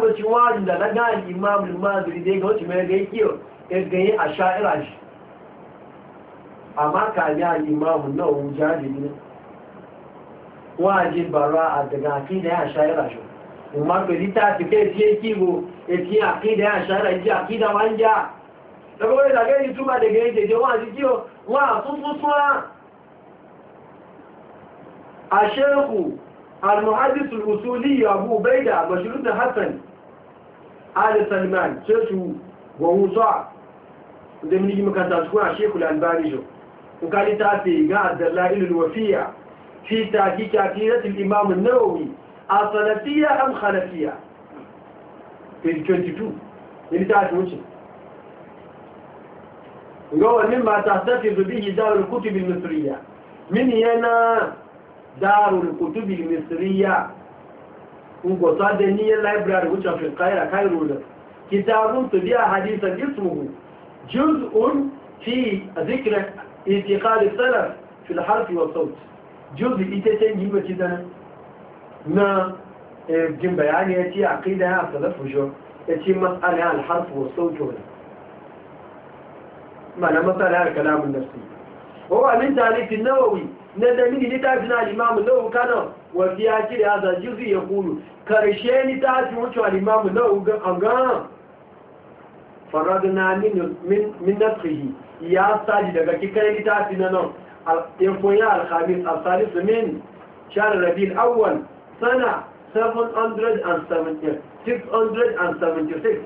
wajin bara a daga akida ya shayara shi umar da lita ta kai ce kibo ya ci akida ya shayara ji akida wanja daga wani daga yi tuba daga yi jeje wa ji kiyo wa sun susuwa a shehu al-muhaddis al-usuli abu baida bashirun hassan ali salman shehu wa husa da mun في تحقيق عقيدة الإمام النووي أصنفية أم خلفية في 22 من تعرف وجه هو مما تحتفظ به دار الكتب المصرية من هنا دار الكتب المصرية وقصاد النية اللايبراري وجه في القاهرة كايرو كتاب تبيع حديثا اسمه جزء في ذكر اعتقاد السلف في الحرف والصوت Juzi ita ce yi baci da na jin bayani ya ce a kai da ya salar fushon ya ce matsala alharfu wa sauke wani mana matsala ya kalamun nafsi wawa min talifin nawawi na dalili littafin alimamu nawu kana wasu ya ce ya zaji zuwa ya kulu karshe littafin wuce alimamu nawu ga angan faraduna min nafsihi ya saji daga kikar littafin na nan يوميا الخامس الثالث من شهر ربيع الأول سنة 776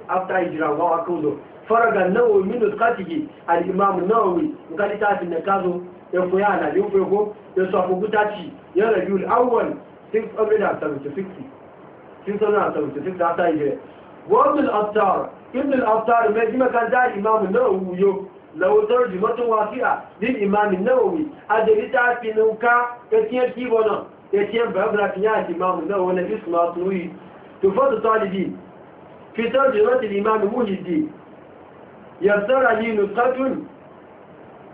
after hijira wa akuzo faraga nawawi min nusqatihi al-imam nawawi ngali tafi na kazo ya fuya na yufe ko ya safu gutaci ya rabiul awwal 676 676 after hijira wa ibn al-attar ibn al-attar mai jima kan da imam nawawi yo له ترجمة واسعة للإمام النووي هذا أدلتا في نوكا يتين كيبونا نعم؟ يتين بأبرا كنيات الإمام النووي الإسم أطلوي تفضل طالبين في ترجمة الإمام مهي الدين يفترى لي نسخة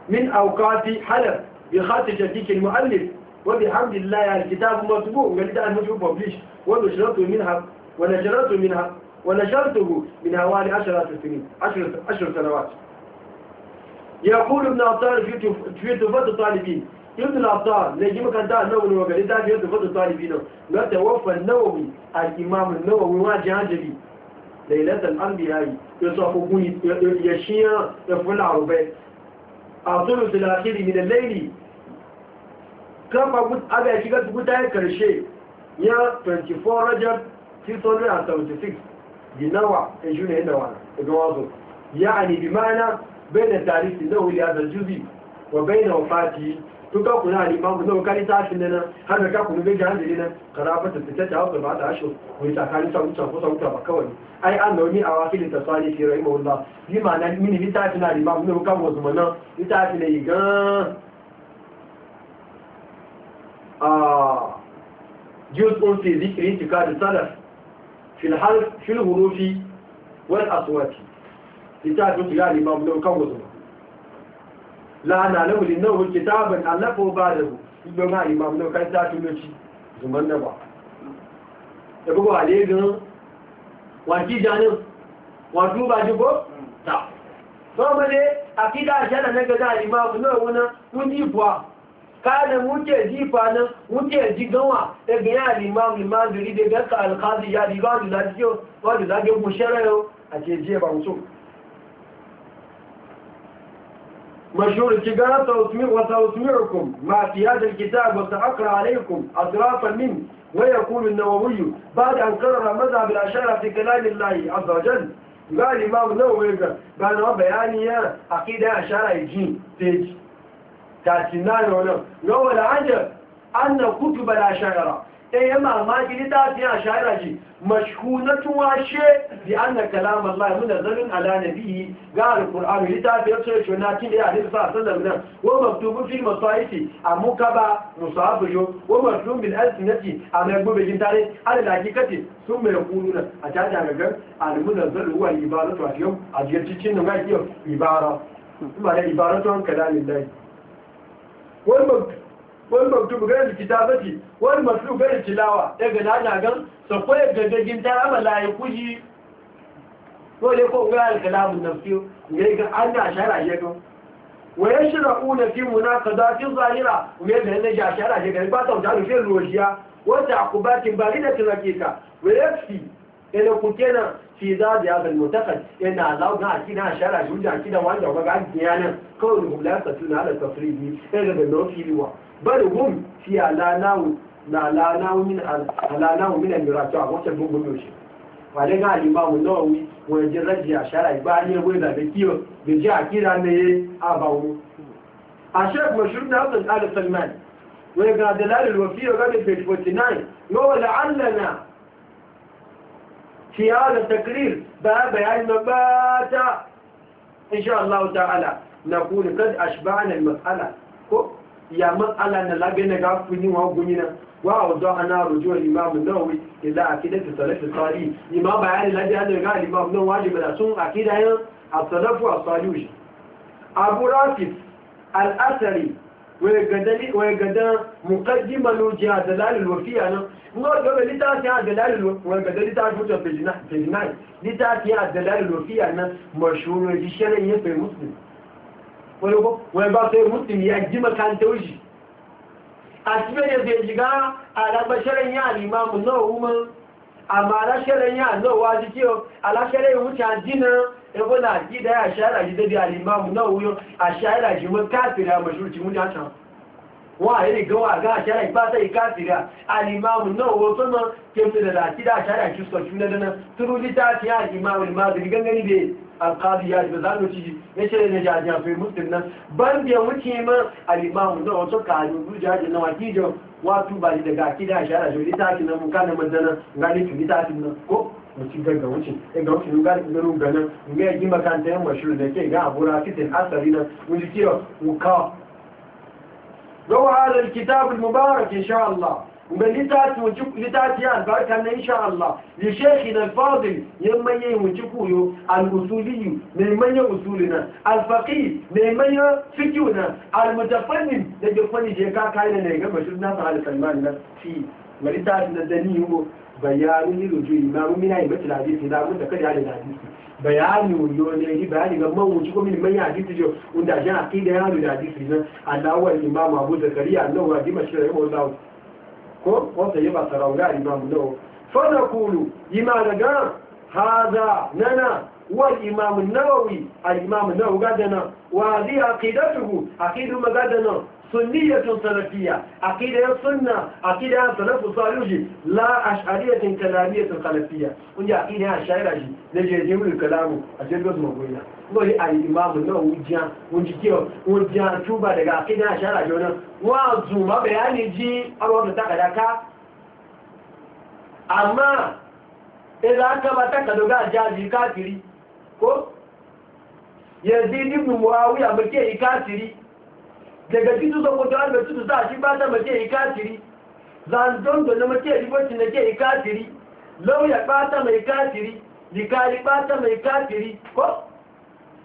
من أوقات حلب بخط جديك المؤلف وبحمد الله الكتاب مطبوع ولدى المجهور ببليش ونشرته منها ونشرته منها ونشرته من حوالي عشرة سنين عشرة, عشر سنوات يقول ابن عطار في تفضل الطالبين ابن عطار نجيب كان ده النووي وقال ده في تفضل الطالبين ما توفى النووي الإمام النووي واجه جبي ليلة الأنبياء يصفقون يشيع يفعل عربة الثلث الأخير من الليل كما قلت أبي أشيك قلت هاي كرشي يا 24 رجب 676 دي نوع يجون هنا وانا يعني بمعنى بين التاريخ له لهذا الجزء وبين وفاته تبقى قلنا الإمام بن وكالي تعرف لنا هذا كان كنا بيجي عند لنا قرابة الستة أو سبعة أشهر ويتكالي سوى سوى سوى بكون أي أن من أواخر التصالح رحمه الله بمعنى من اللي تعرف لنا الإمام بن وكالي وزمنا يتعرف لنا يقان آه. جزء في ذكر انتقاد السلف في الحرف في الغروف والأصوات littafin su gani ba bulo kan wasu la na wuli na wuli kitabin allafo ba da su ido ma imam na kan ta ci zuman da ba da bugu a legin waki janin wato ba ji ko ta so mane a kida shana na gaza imam na wuna kun yi kuwa kada muke jifa nan muke jigawa daga ya limam limam duri daga alkazi ya riba da lafiyo wadda zage mu sharayo a ke je ba mutum مشهور التجارة وتوسمعكم مع في هذا الكتاب وسأقرأ عليكم أطرافا منه ويقول النووي بعد أن قرر مذهب الأشارة في كلام الله عز وجل قال الإمام النووي بأن هو بياني عقيدة أشارة الجين تيج تأتينان هنا هو العجب أن كتب الأشارة ɗaya mamaki littafin a shahara ji mashhunatun washe bi an na kalam Allah muna zanin ala nabi ga alƙur'anu littafin sai shi na kin da hadisi sa sallam nan wa maktubun fi masaiti amukaba musahabu yo wa maktubun bil alsinati a mai gobe jin tare ala da hakikati sun mai kuluna a caja ga gan almunan zalu wa ibaratu a yau a jiyar cikin ga yau ibara kuma da ibaratu an kalamin dai wa wani maktubu gani kitabati wani maktubu gani tilawa daga lana gan sakwai gaggagin ta ama layi kuji ne ko ga alkalamun nafsi ne ga an da shara ya ga waye shira'una fi munaqadatin zahira ne da ne ja shara ya gan ba ta da rufe rojiya wata akubatin ke ka waye fi ina ku kenan fi za da ya zan mutakad ina za ga akida shara juja kina wanda ga ga nan kawai hulatsatu na da ne ina da nofiliwa bari hum fi alanawu na alanawu min alanawu min almiratu a wata gungun yoshi wale ga alimamu nawawi wani jin raji a shara ba ne wai da da kiyo da ji a kira ne a bawo a shek mashur na hasan ali salman wani ga dalalil wafiyo ga da 49 nawa la'allana في هذا التقرير باب المبات إن شاء الله تعالى نكون قد أشبعنا المسألة ya matsala na labe na gafuni wa gunina wa wazo ana rujo imam nawawi ila akidatu salaf salih imam bayani labe ana ga imam nan wajibi da sun akida yan as-salaf wa salih abu rafif al-athari ويقدر مقدمة لوجهة دلال الوفية أنا نقول لتاتي على دلال ويقدر لتاتي فتوى في الجناح في الجناح لتاتي على دلال الوفية أنا مشهور ويجي شرعية في المسلم wọ́n bá fẹ́ mùsùlùmí àjímà káńtẹ́ na àti bẹ́ẹ̀ bẹ̀ jìgá alágbàṣẹ́rẹ̀ a alìmáàmù náà wúmọ́ àmà aláṣẹ́rẹ̀ yà náà wá jí kí o aláṣẹ́rẹ̀ ìwúta dínà ẹgbọ́n àjídá ga débi alìmáàmù náà wúyọ àṣáyàjì mọ́ káàkiri àmọ̀ṣúrù ti múlẹ̀ da wọ́n da gan àgá àṣáyà ìpátá ìkáàkiri alìmáàmù náà wọ́n tó náà kéfèrè àti gangani ìtúsọ̀ القاضي يا بزارو تي نشر نجاجا في مسلمنا بان بي وكي ما الامام نو توكا جو جاجا نو اكيدو واتو با إيه دي دغا كي دا شارا جو دي تاكي نو كان مدنا غادي تي تاكي نو كو وشي غدا وشي اي غوشي لوغار نرو غنا مي اجي مكان تي مشهور دي كي غا ابورا كي تي حسرينا وديتيو وكا لو هذا الكتاب المبارك ان شاء الله لتاتي البركة إن شاء الله لشيخنا الفاضل يمن يوجكوه الأصولي من من أصولنا الفقيه من من فكيونا المتفنن لجفن جيكا كاينا نيجا مشروعنا فعلى سلمان في ولتاتي الدنيا هو بيان رجوع إمام من أئمة الحديث لا بد كده على الحديث bayani wuyo ne yi bayani ga mawuci ko min manya hadisi jo wanda jan aqida ya da hadisi nan Allah wa imam Abu Zakariya ko wata yi ba sarauna a imamu nawo fana kulu ima na gana haza nana wal imam nawawi al imam nawawi gadana wa hadhi aqidatuhu aqidu magadana sunniyatun salafiyya aqida sunna aqida salafu saluji la ash'ariyatun kalamiyatun khalafiyya kun ya aqida ne je je mu kalamu a je gosu magoyina lórí àìlìmáàmù náà wújíá wújíkíọ̀ wújíá túbà daga akídá àṣàràjọ náà wọ́n a zù má bẹ̀yà ní jí ọlọ́dún takàdáká àmá ẹ̀rọ akẹ́bà takàdọ́gá àjáàjì káàkiri kó yẹ̀dí nínú mọ̀háwí àmọ́kẹ́ yìí káàkiri daga títú sọpọ̀tọ̀ àgbẹ̀ títú sáà sí bá sàmọ́kẹ́ yìí káàkiri zandondo na mace ribocin da ke ikatiri lauya ɓata mai katiri likari ko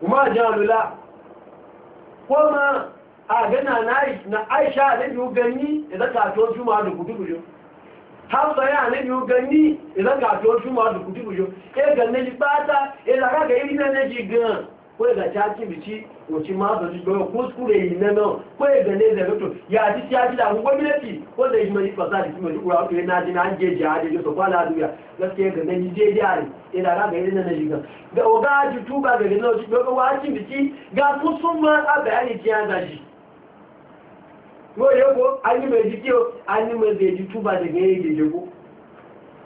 kuma jalula kuma a gana na aisha na biyu ganni idan kasuwar juma da kudu gujo hafsa ya na biyu ganni idan kasuwar juma da kudu gujo e ganna ji bata e zaka ga iri na ji gan kwega chachi bichi uchima zojigoyo kuskure ineno kwega neza goto ya chichi ajila ngwa mileti kwega imani fasadi kimo dukura ko e na jina anje jaje joto kwala duya gaskiya ga nan je jari ina ga ga ina nan jiga ga oga ji tuba ga ga noji dogo wachi bichi ga kusuma abani kianza ji wo yego ani me jikio ani zai ji tuba de ga ye jego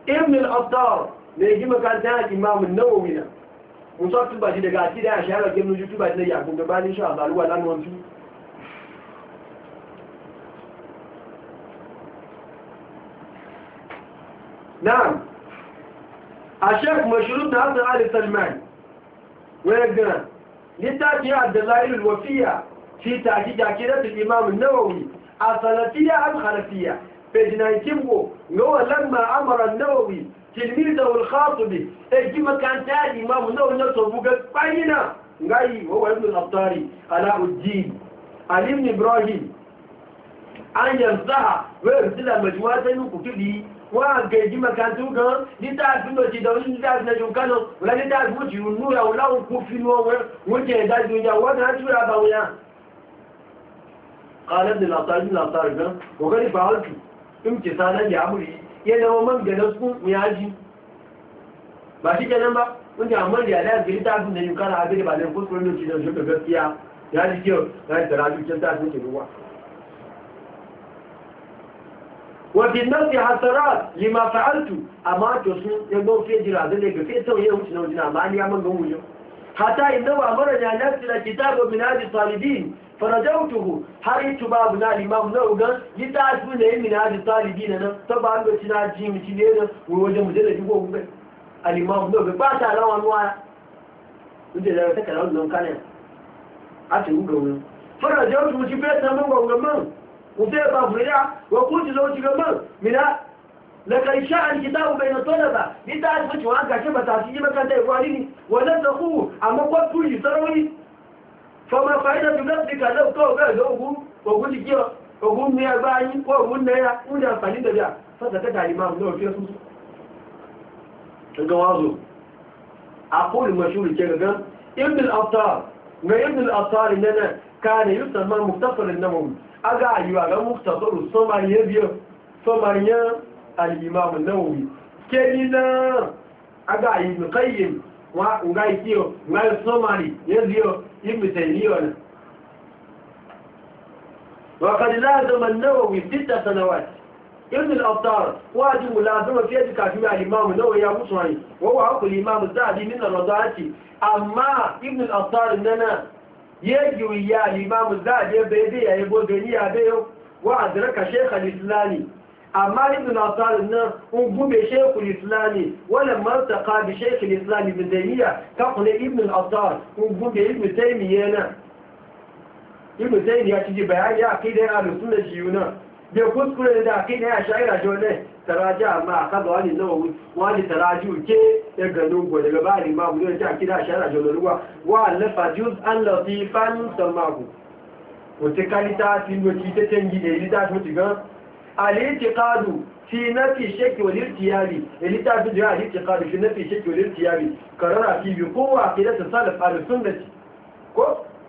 ibn al-abdar ne ji makanta imam an-nawawi na wina. musa tuba shi daga akida a shahara gemu ju tuba da ya gunga bani sha zaluwa nan wantu na'am a shek mashrut da hasan ali salman wani gina littafi abdullahi al-wafiya fi tafi jakiratul imam an-nawawi a salafiyya 19 go lawan lamma amara an tilmiza wal khatibi e ji makanta imamu na wannan to buga bayina ngai wa wa ibn al-abtari ala uddin ali ibn ibrahim an yanzaha wa yursila majmu'atan kutubi wa ga ji makanta ga ni ta fi no ji da ni ta na jun kano wa ni ta bu ji nu ya wala ku fi no wa wuce da ju ya wa na tura ba wuya qala ibn al-abtari ibn al-abtari ga ko ga ni ba halki imtisalan ya amuri ya zama man ganin su ya ba shi kenan ba wanda amma da yada gari ta sun da yi kana abin da ba zai kuskuren da cikin shi gaskiya ya ji kyau ya ji tara cikin ta sun ke ruwa wajen nan fi hasara lima fa'altu amma to sun ya gbau fiye jira zai gafe sau tauye wuce na wuce na amma an ya man gan wuyo hata inda wa mara ya nasi na kitabu min hadi salibin farajautuhu har yi tuba bu na limam na ugan yi ta su ne min hajji talibi na nan ta ba hannu cina ji mu ci ne nan wuri wajen mu jana jigo mu bai alimam na ugan ba ta rawa nuwa inda da ta kala wannan kanan a ce uga wani farajautuhu ci bai san mun gonga man ku sai ba furiya wa ku ci zo ci ga man mina لقد شاء الكتاب بين الطلبة انت عارف وانك عشان ما تعطيني مكان ده يقول لي ولا تخوه اما قد تقول لي تروني fọmọ fàídà tó lọ́pì kàlọ́ kọ́ ọ̀gá ìlú ogun ogun ti kí ọ ogun ní ẹgbá yín kó ogun náírà ń ní náà fi ọ́sùn gan wazo aqul mashhur ke gan ibn al-attar ga ibn al-attar nana kana yusamma aga ayuwa ga muftasar summary ya biyo summary ya al-imam an-nawawi aga ibn qayyim wa ngai kiyo ngai somali yeziyo ibn taymiyyah وقد لازم النووي ست سنوات ابن الأبطار واجب لازم في يدك في الإمام النووي يا مصري وهو حق الإمام الزهدي من الرضاعة أما ابن الأبطار إننا يجوي يا الإمام الزهدي بيدي يا إبو بني أبيه وأدرك شيخ الإسلامي amma ibn Abbas nan un gube shekul islami wala martaka bi shekul islami bi taymiya ka kula ibn Abbas un gube ibn taymiya nan ibn taymiya ci bayani a kai da ahlus sunna jiyuna da kuskure da kai da shaira jone taraja ma kaza wani nawawi wani taraju ke da ganin go daga bari ma mu ne ta kida shaira jone ruwa wa lafa juz an latifan samahu wata kalita tin go ci ta ita ta mutu ga الاعتقاد في نفي الشك والارتياب اللي تعبد جاء الاعتقاد في نفي الشك والارتياب كرر في بقوة عقيدة السلف على السنة كو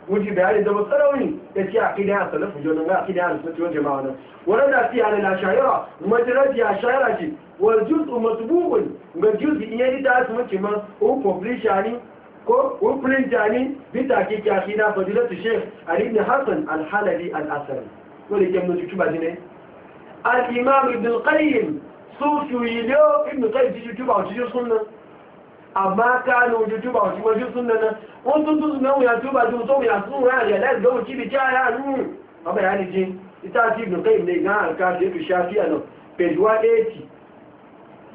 وجي بيان ده مصروي تشي عقيدة على السلف وجونا نعم، عقيدة على السنة والجماعة ورد في على الأشاعرة مجرد الأشاعرة والجزء مطبوع والجزء يعني تعرف ما هو كوبريش يعني وبرنت يعني بتحقيق عقيدة فضيلة الشيخ علي بن حسن الحلبي الأثري ولكن نجيب بعدين الإمام ابن القيم صوفي ويليو ابن القيم تجي تبع وتجي سنة أما كان كانوا يتبع وتجي سنة وانتو تسنة ويتبع وتجي سنة يعني لا تدور تجي بتاعي أما يعني جي إتاتي ابن القيم لينا الكاتب الشافعي أنا بجوا 80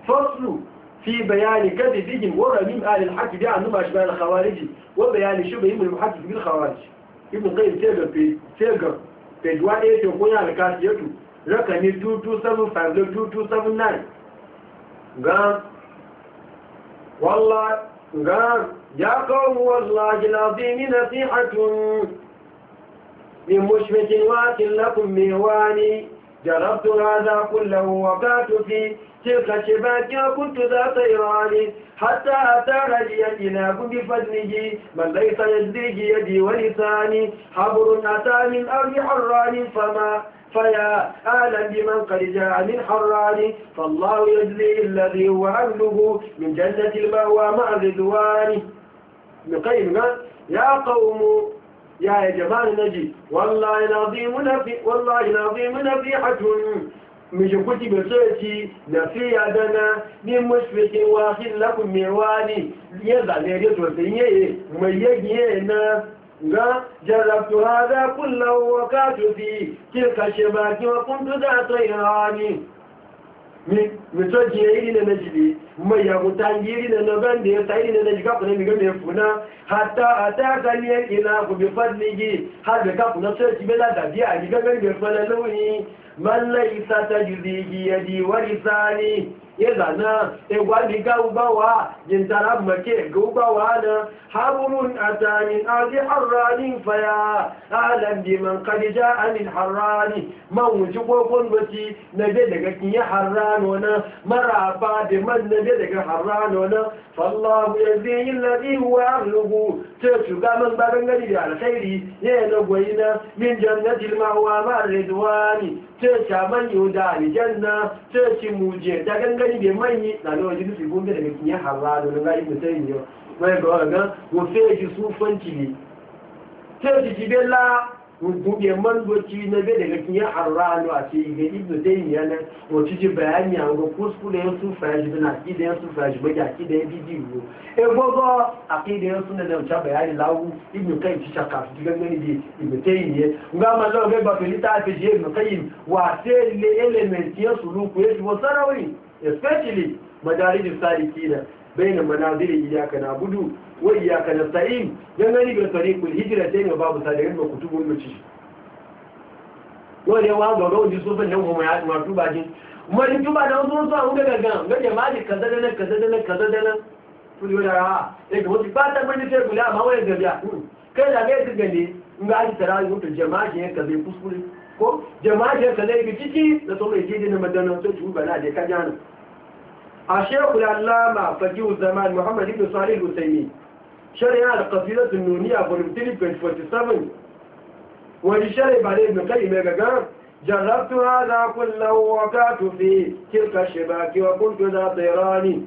فصل في بيان كذبهم ورميم أهل الحق دي عنهم أشبال الخوارج وبيان شبههم المحدث بالخوارج ابن القيم تيجر في تيجر بجوا 80 وقويا كاسيته lọ́kà ní 2275 ló 2279 gan wọ́nlá gan ya kọ́wọ́ wọ́nlá jìnà bí nínà sí àtún ní mọ́ṣmẹ́tí wá ti lọ́kùn mi wá ní jàrọ́tù rádá kúlọ̀wọ́ wọ́ká tó fi tí ó kàṣẹ bá kí ó kúntù zá sẹ́yọ̀ rá ní فيا آلا بمن قد جاء من حران فالله يجزي الذي هو أهله من جنة المأوى مع الرضوان نقيم يا قوم يا يا جمال نجي والله العظيم نفي والله العظيم نفيحة مش كتب بصوتي نفي عدنا من مشفق واخر لكم من يزعل يزعل يجوز وسيئة ميجينا ga jarabtu hada kullahu wa katu fi tilka shibaki wa kuntu da ta mi mi to je yi ne na jibi mai ya mutan yi ne na ban da ya sai ne na jiga ku ne mi ga me funa hatta ata kan ya ila ku bi gi har da ka kuna sai ki bela da biya ni ga ga me fana lawi man laysa tajzihi yadi wa lisani yẹ́zà náà ẹgbàdì gáúgbà wà jìntara mọ̀kẹ́ gáúgbà wà náà haburun àtàrin àti harrani faya alàbì man kàdíjá alìn harrani man wuce kókón bati na bẹ daga kinye harrano na maraba da man na bẹ daga harrano na fallahu ya zai yi lari wa arlugu ta shuga man baban gari da alkhairi ya yi na gwayi na min jannatin ma'uwa ma'ar redwani ta shaman yau da aljanna ta shi muje da gangan gani bai manyi ɗanen wajen gombe da na yau ga sufanci ne gube na bai daga a ce ga ibn tayin ya nan wace ji bayani a ga kuskure ya sufa ya e gogo a bayani lawu ibn kai ci su jigan gani ma lawa bai ba a feji ibn kayin wa sai le element ya ya shi wasu rauni especially madarijin salikina baina manazirin iyaka na budu wa iyaka na sa'in dangane ga tariqul hijira sai ga babu sadarin da kutubun muci wani yawa ga rawun ji sosan yan kuma ya ma tuba jin mari tuba da wasu wasu an daga gan ga jama'i kaza da nan kaza da nan kaza da nan su yi wadawa ya eh, ga wasu fata mai da gula amma wani gabiya kai da ga yadda ne in ga aji tara mutum jama'i ya kaza ya kuskure ko jama'i ya kaza ya ciki da sauran ke da na madana sai ci ba na je ka jana الشيخ العلامة فجيه الزمان محمد بن صالح الوسيمين شرح القصيدة النونية فولم 3 بيج 47 ولشرح بعد ابن قيم قال جربت هذا كله وقعت في تلك الشباك وكنت ذا طيران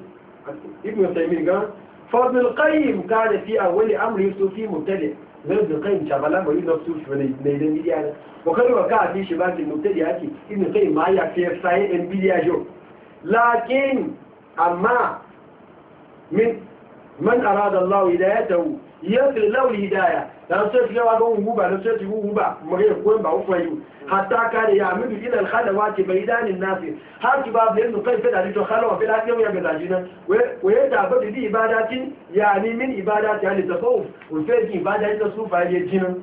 ابن التيمين قال فابن القيم كان في أول أمر يوسفي مبتدئ ابن القيم شغلان ويقول نفسه في ميدان بيديانا وكان وقع في شباك المبتدئات ابن القيم ما يكفي في ساين بيديا لكن أما من من أراد الله هدايته يغفر له الهداية لا له أبو غوبا لا تشجع غوبا مغير قوم باوفيو حتى كان يعمل إلى الخلوات بيدان الناس هاك باب لأنه قيل كيف تدريت خلوة في الأرض يوم يبداجنا ويتعبد دي إبادات يعني من إبادات يعني التصوف وفيه إبادات تصوف هذه الجنة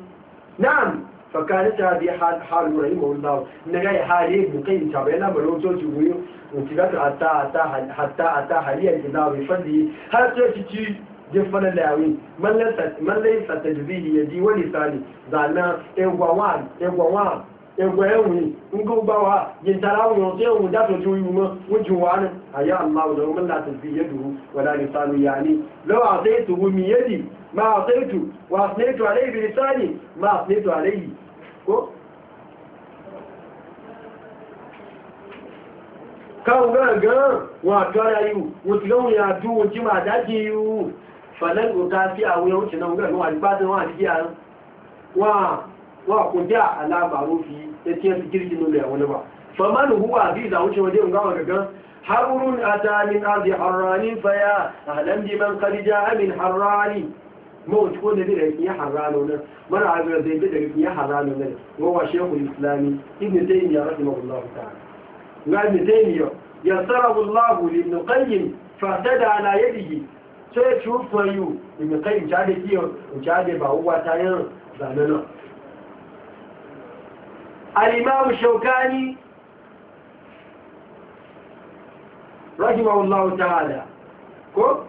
نعم فكانت هذه حال رحمه الله نجاي حالي مقيم تابعنا ملوتو جويو وتبات حتى حتى حتى حتى حاليا جناوي فدي هل تشتي جفن اللاوي من ليس من ليس تجزيه يدي ولساني ذانا اغوان اغوان ẹgbẹ̀ ẹ̀wìn ń gó bá wa yìntara wọn tí ẹ̀wùn dátò tí ó yìí wọn wọ́n jù wá ní àyà àmà ọ̀dọ̀ wọn láti fi yé dùn wọ́n láti sánú yà ní lọ́wọ́ àṣẹ́ ètò omi yé dì máa àṣẹ́ ètò wà àṣẹ́ ètò àlẹ́ ìbìrì sáàyè máa àṣẹ́ ètò àlẹ́ yìí ko kawo gangan wa gara yiwu wuti gan ya du wuti ma daji yiwu falan uta fi a wuyan wuce nan gan wa ibadin wa jiya wa wa ku da alama rufi ya tiya su kirki nuna ya wani ba faman huwa bi da wuce waje ga wa gangan harurun ata min ardi harranin faya ahlan bi man qad jaa min harrani mawuci ko da bi da kiyan harano nan mana abu da zai bi da kiyan harano nan wawa shehu islami ibn taymiya rahimahullahu ta'ala ga ibn taymiya yasarahu allah li ibn qayyim fa sada ala yadihi sai chufa yu ibn qayyim ja da kiyo ja da ba uwa ta yin zanana al-imam shawkani rahimahullahu ta'ala ko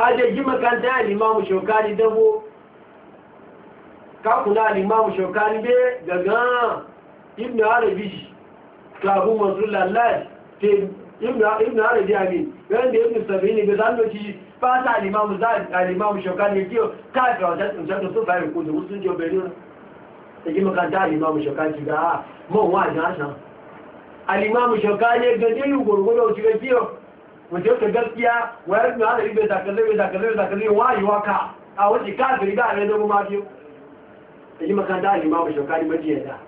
hada ji makanta ya limamu shokani dabo kakuna limamu shokani be gaga ibn arabi shi tabu masulullah lai ibn arabi abi wanda ibn sabini ga zandoci fata limamu za limamu shokani ya kiyo kafin wajen tsuntsar sun bayan kudu musulunci obere te ji makanta limamu shokani ga ah, mawa jan san alimamu shokani ya gaje yi gurgudu cikin kiyo wace ka gaskiya wayar mai hada ibe zakalle mai zakalle mai zakalle wayi waka a wace ka gari da ne ma biyu da yi makanta limamu shokari majiya da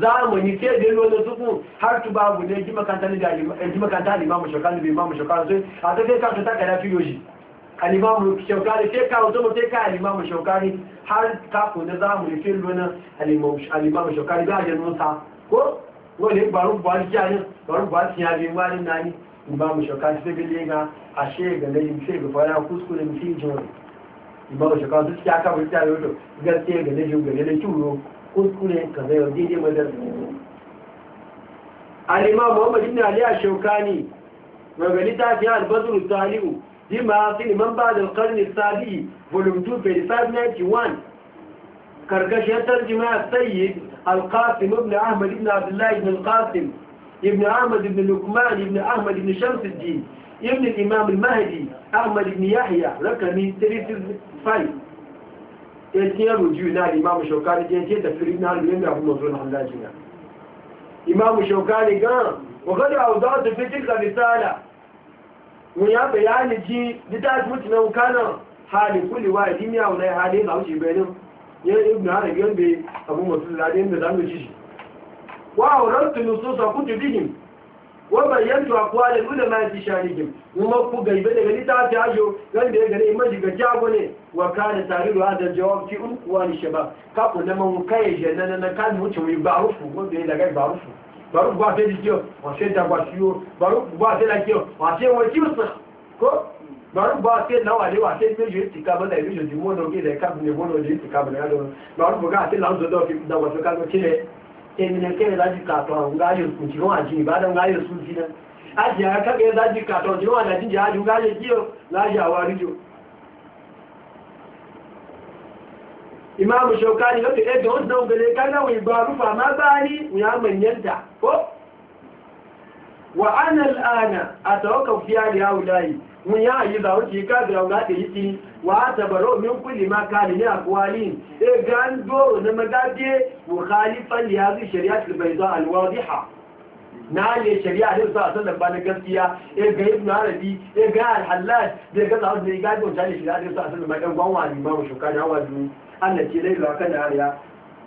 zamani sai da yi wani suku har tu babu ne ji makanta ne da ji eh, makanta limamu shokari da imamu sai a ta sai ta kada fiyo shi alimamu shokari sai ka wato sai ka alimamu shokari har ka ko da zamani sai lona alimamu shokari da ajin nusa ko wani barun buwa jiya ne barun siya bi wani nani imamu shaka su gile ga a shega na yin sai gaba ya kuskure mutum jin wani imamu shaka su suke aka wani tare wato gaskiya ga lejin gare na turo kuskure ka zai yau daidai madar alima muhammad ibn ali ashokani magani ta fi albazuru salihu di ma'asin man ba da karni sabi volume 2 page 591 karkashin tarjima sayyid alqasim ibn ahmad ibn abdullahi ibn alqasim ابن أحمد بن لقمان ابن أحمد بن شمس الدين ابن الإمام المهدي أحمد بن يحيى لك من ثلاثة رقمي يتنى رجوع نال إمام الشوكاني يتيه تفريقنا اليوم أبو منظور الحمد لله إمام الشوكاني قام وقد أوضعت في تلك الرسالة ويا بيان جي لتاس متنا وكان حالي كل واحد يميا ولا حالين أو شيء بينهم يا ابن عربي أبو منظور الحمد لله wa’auranta nususa kutu bihim wanda yanto a kuwa da nuna ma yanti sharikin kuma ku gaibe daga ni ta fi ajo don da ya gane maji ga jago ne wa ka da tare da wadda jawab ki un kuwa ni shaba ka ku nema mu kai jana na kan mutu mai ba rufu wanda ya daga ba rufu ba rufu ba sai dikiyo ba sai da ba shiyo ba rufu ba sai lakiyo ba sai wani ko ba rufu ba sai na wale ba sai mejo yi tika ba da yi mejo jimono ne da ya kabu ne mono yi tika ba da ya zo ba rufu ga sai lanzo da wasu kano kire ènìyàn a láti kàtọ̀ àwọn gáyò kù tí wọ́n àjí ìbádọ́ gáyò ji sí náà àti àkẹ́kẹ́ láti kàtọ̀ tí wọ́n àdájíjà ájú gáyò kí o láyé àwáríjò ìmáàmù ṣọ̀ká ni lókè don ó dán obìnrin kágáwò ìgbà arúfà ma bá ní ìyàmọ̀ ìyẹ́ta ko? وأنا الآن أتوقف في هؤلاء mun ya yi za wuce ka da ga ta yi wa ta baro min kulli ma kali ne akwalin e gan do na magade mukhalifan li hadhihi shari'at al-bayda al-wadiha na le shari'a da sa sallan ba na gaskiya e ga ibn arabi e ga al-hallaj da ga za da ga don tare shari'a da sa sallan ba dan gwanwa ni ma shuka da hawa du Allah ce dai ba kana ariya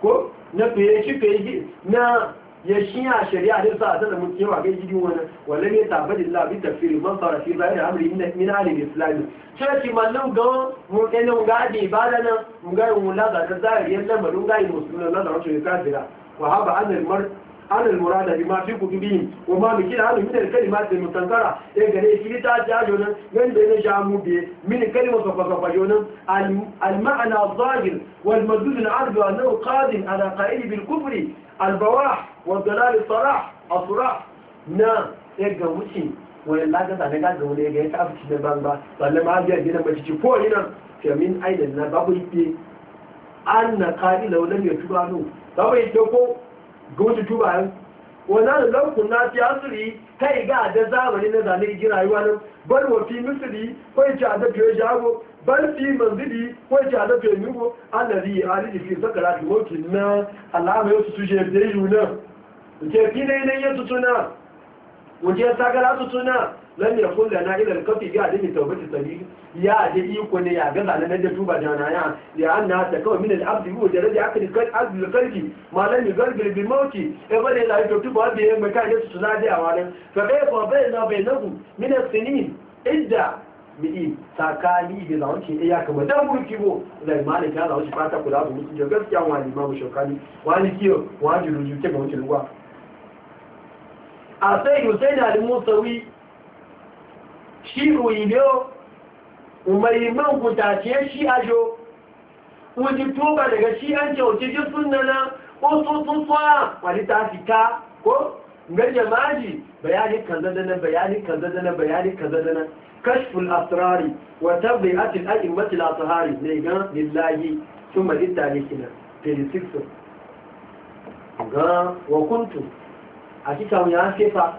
ko na fiye shi fiye na ya shi a shari'a da sa ta da mun kewa ga jirgin wani wallan ya tafi da labi tafsiri man fara fi zai da amri min alil islami church mallan ga mun kai nan ga da ibada nan mun ga mun la da zahiri yan nan mun ga musulmi la da wato kafira wa haba anil mar على المراد بما في كتبهم وما مكين عنه من الكلمات المتنكرة إذا إيه إيه كان يتعجي عجونا من بين جامو بي من الكلمة صفا صفا جونا المعنى الظاهر والمدود العرض أنه قادم على قائل بالكفر البواح والضلال الصراح الصراح نا إذا إيه وشين وإلا قد أنا قد أقول إذا كافت شنبان با فلا ما أبيع جينا ما تشفوه هنا فمن أين لنا بابو يبي أن قائل لو لم يتبعنو بابو يتبعنو goji tubayen wannan laukun na fi asiri ta iga da zamani na zane ji rayuwa nan bar wa fi misiri ko ya ci a dafiye jago bar fi manzili ko ya ci a dafiye nugo allazi ya aliji fi sakara fi mawuki na alama ya tutu su je da yi nan ke fi na yanayi ya tutu na wajen sakara tutu na lam yakun lana ila al-kafi bi adami tawbati sabil ya da iko ne ya ga zalan da tuba jana ya ya anna ta kawai min al-abd bi wajra da akli kal azl qalbi ma lam yugargil bi mauti e bane la to tuba bi mai kai su da da wa nan fa kai fa bayna bainahu min as-sinin idda bi'i sakali da zaunci iya kama dan ya zaunci fata kula da mutunci gaskiya wani ma mu shokani wani kiyo wani rujuke ga wucin ruwa a sai Hussein Shi ilé o umarni man shi ajo wani tuba daga shi an ce wace ji suna nan sun sun tsawa wani ta fita ko ga jamaji bayani kaza da nan bayani kaza da nan bayani kaza da nan kashful asrari wa tabi'atil a'immati al-athari ne ga lillahi thumma lillahi 36 ga wa kuntu a cikin mu ya sefa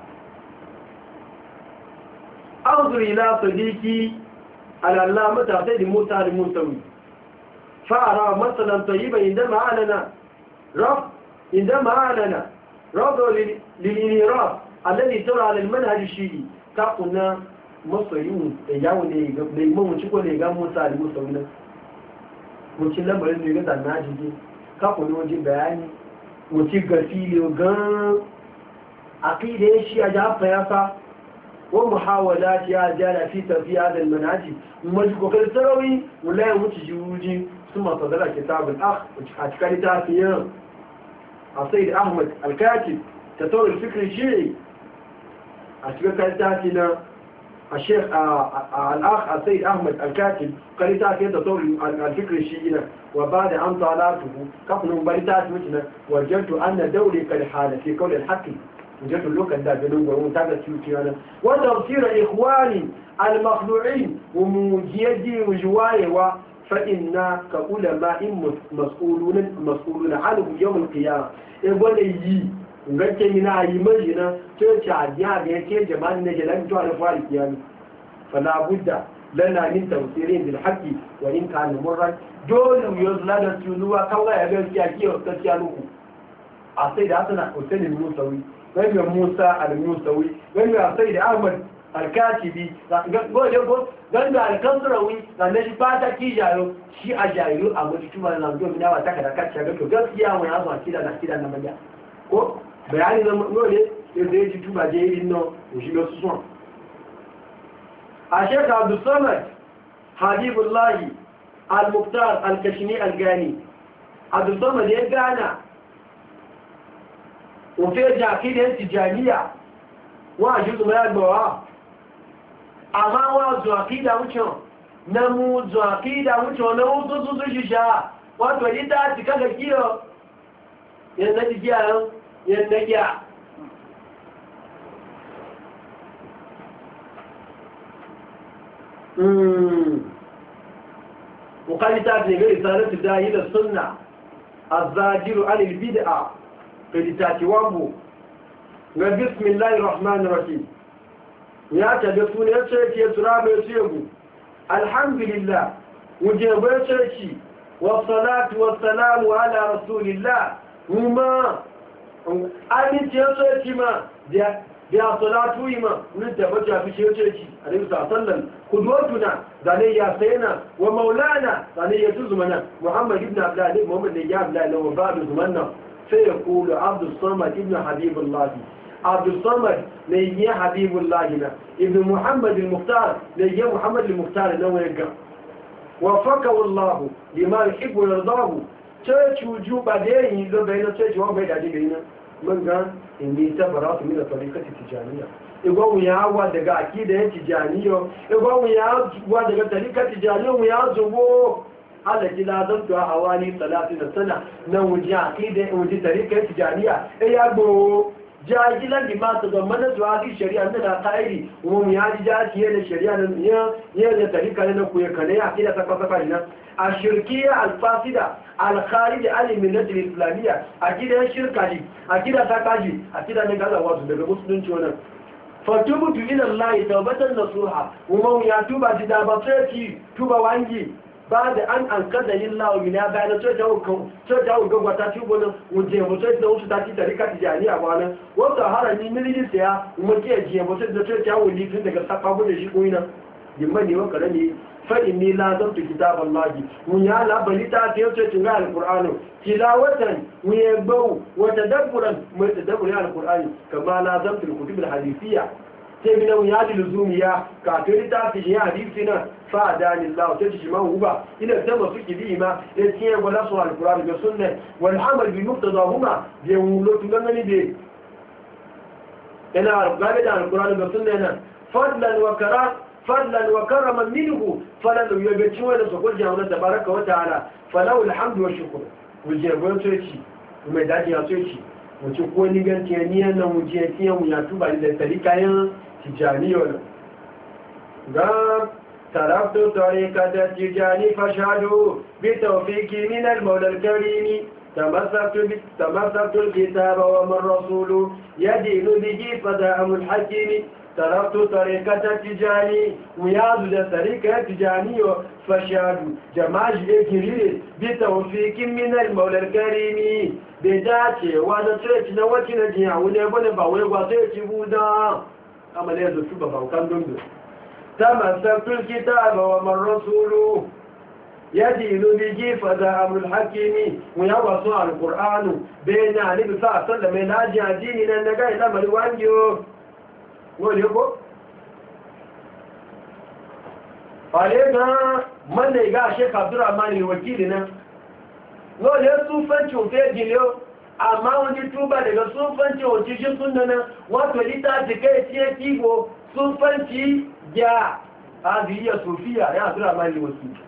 anzur ila sadiqi al-allamata sayyid musa al-muntawi فأرى مثلا طيبا عندما أعلن رفض عندما أعلن رفض للإنراف الذي ترى على المنهج الشيعي تقولنا masoyin yawo ne da mamunci ko ne ga motsa da motsa wani mucin lambarin ne ga zanna jiji kaku ne wajen bayani muci ga filo gan a shi a jafa ya sa ومحاولات يا جالا في تنفي هذا المنهج مجكو كل سروي ولا يوجي ثم صدر كتاب الأخ وكاتب تافيا السيد أحمد الكاتب تطور الفكر الشيعي أشكال تافينا الشيخ آه، آه، آه، الأخ السيد أحمد الكاتب قال تاتي تطور الفكر الشيعي وبعد أن طالعته قبل مباريتات مثلنا وجدت أن دوري كالحالة في كل الحق وجدت اللوكة دا بنوبة ومتابعة سيوتيانا وتبصير إخواني المخلوعين ومجيدي وجواي فإنا كعلماء مسؤولون مسؤولون عنهم يوم القيامة إبوانا يي ngace mina yi majina cece a jiya da ya ce jama'in na jalan tuwa na fara kiyami fala budda lana min tafsirin bil haqqi wa in kana murran dole yuzla da tunuwa kawai ya ga kiyaye gaskiya nuku a sai da hasana usaini musawi ganga musa al-musawi ganga sai da ahmad al-katibi ganga al-kansurawi ganga shi fata kijaro shi a jariru a wani tuba na domin yawa taka da kacce ga to gaskiya wani abu a kida na kida na manya ko bayani na nole ya zai ji tuba je irin no shi ga su son a shekha abdulsamad habibullahi al-muktar al-kashini al-gani abdulsamad ya gana òfin ẹja àkídẹ̀ ń ti jàníyà wọ́n àjúzù mẹ́gbọ̀wá àmá wọ́n zùn àkídà na mú zùn àkídà na ó tún tún ṣíṣà wọ́n tó ní dáàtì kẹ́kẹ́ kí yẹn lẹ́ti jẹ́ àrùn yẹn lẹ́kí hmm. à pẹ̀lú tàti wọ́n bù na bismillahi rahman rahim ya tabi suna ya sarki ya tura mai segu alhamdulillah wujebar sarki wasalatu wasalamu ala rasulillah kuma aminci ya sarki ma da salatu yi ma nun tabbata fi shi ya sarki a da bisa sallan kudwatuna zane ya sayana wa maulana zane ya tuzumana muhammad ibn abdullahi muhammad ne ya abdullahi wa ba'du zumanna sai ya kulu abdulsamad ibn habibullahi abdulsamad na yi habibullahi na ibn muhammad al-muhtar na yi muhammad al-muhtar na wayega wa faka wallahu lima yuhibbu yardahu sai cuju ba da yayi zo bai na sai juwan bai da dibe na mun ga inni tabaratu min tariqati tijaniyya igwawu ya wa daga akida ya tijaniyo igwawu ya wa daga tariqati tijaniyo ya zubo التي لا زلتها حوالي 30 سنة نوجي عقيدة نوجي طريقة تجارية أي أبو jajilan da ba su zammana zuwa ga shari'a da da ƙa'iri wani ya ji jaji yana shari'a nan ya yana tarika na kuwa kane ya kila ta kwasa kwari a shirkiya alfasida alkhari da alimin na islamiyya a gidan shirka ji a gidan ta kaji a gidan na gaza wasu daga musulunci wannan fatubu tu ila allahi tawbatan nasuha umma ya tuba ji ba sai tuba wangi ba da an an kada yin lawo na bayan to da hau gagwa ta ci gona wuje mutum da wasu ta ci tarika tijani a bana wata hara ni miliyan saya mace jiya mutum da to ta hau lifin daga safa gudun shi kuna yimma ne wanka ne fa'in ni la zan tuki kitab Allah mun ya labari bali ta ta yace tun ga alqur'ani watan mu ya bau dabburan mai mu tadabburi alqur'ani kama la zan tu kutub alhadithiyya sai mina mu ya ji luzumiya ka ta ta fi ya hadisi na فأدى لله تجمع هما إلى تم فك بهما ولا ونصر القرآن والسنة والعمل بمقتضاهما بيولوت لنا بيه أنا أرغب عن القرآن والسنة فضلا وكرام فضلا وكرما منه فلن يبتشوا لسقول جهونا تبارك وتعالى فله الحمد والشكر والجيبون تويتي ومدادي تويتي وتقول لي أنت يا أنا وجيتي ويا توبا إلى تلك أيام تجاني ولا تركت طريقة التجاني فاشهدوا بتوفيقي من المولى الكريم تمسكت, تمسكت الكتاب وما الرسول يدين به فداهم الحكيم تركت طريقة التجاني وياض لطريقة التجاني فشهدوا جماج الكريم بتوفيق من المولى الكريم بداتي وانا تريت نواتي نجيع ونبني باوي وطيتي بودا أما لازم شبه وكان دمدر تمسكت الكتاب وما الرسول يدين به فدام الحكيم ويوصى القرآن بين علي بن صلى الله عليه وسلم لا جادين إلى النجاة إلى ملوانيو وليكو علينا من يقع شيخ عبد الرحمن الوكيلنا lọ́lẹ̀ súnfẹ́ntì òfẹ́ ìjìnlẹ̀ ó àmá wọn ti túbà lẹ̀lọ súnfẹ́ntì òjíṣẹ́ súnnana wọ́n pẹ̀lú tàbí kẹ́ ìtí ẹ̀ tí ìwò súnfẹ́ntì جاء هذه هي صوفية يا عبد الله الوسيل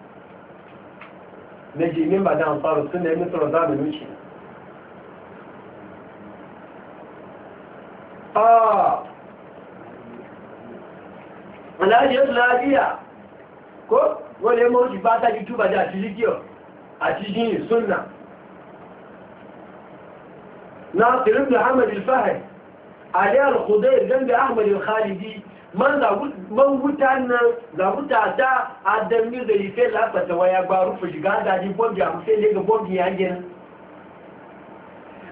نجي من بعد أنصار السنة مثل نظام المشي آه aláàjẹ́ ìsìláàríà kó wọ́n lè mọ́ oṣù bá tàbí túbàjá àti lígíọ̀ àti yìnyìn súnnà náà tìrìbìlì hamadu fahẹ̀ ali al-khudayr ahmad al-khalidi man wuta zaguta ta adam da zai fe lafata waya ba rufe shiga daji bobi a mufe ne ga bobi ya gina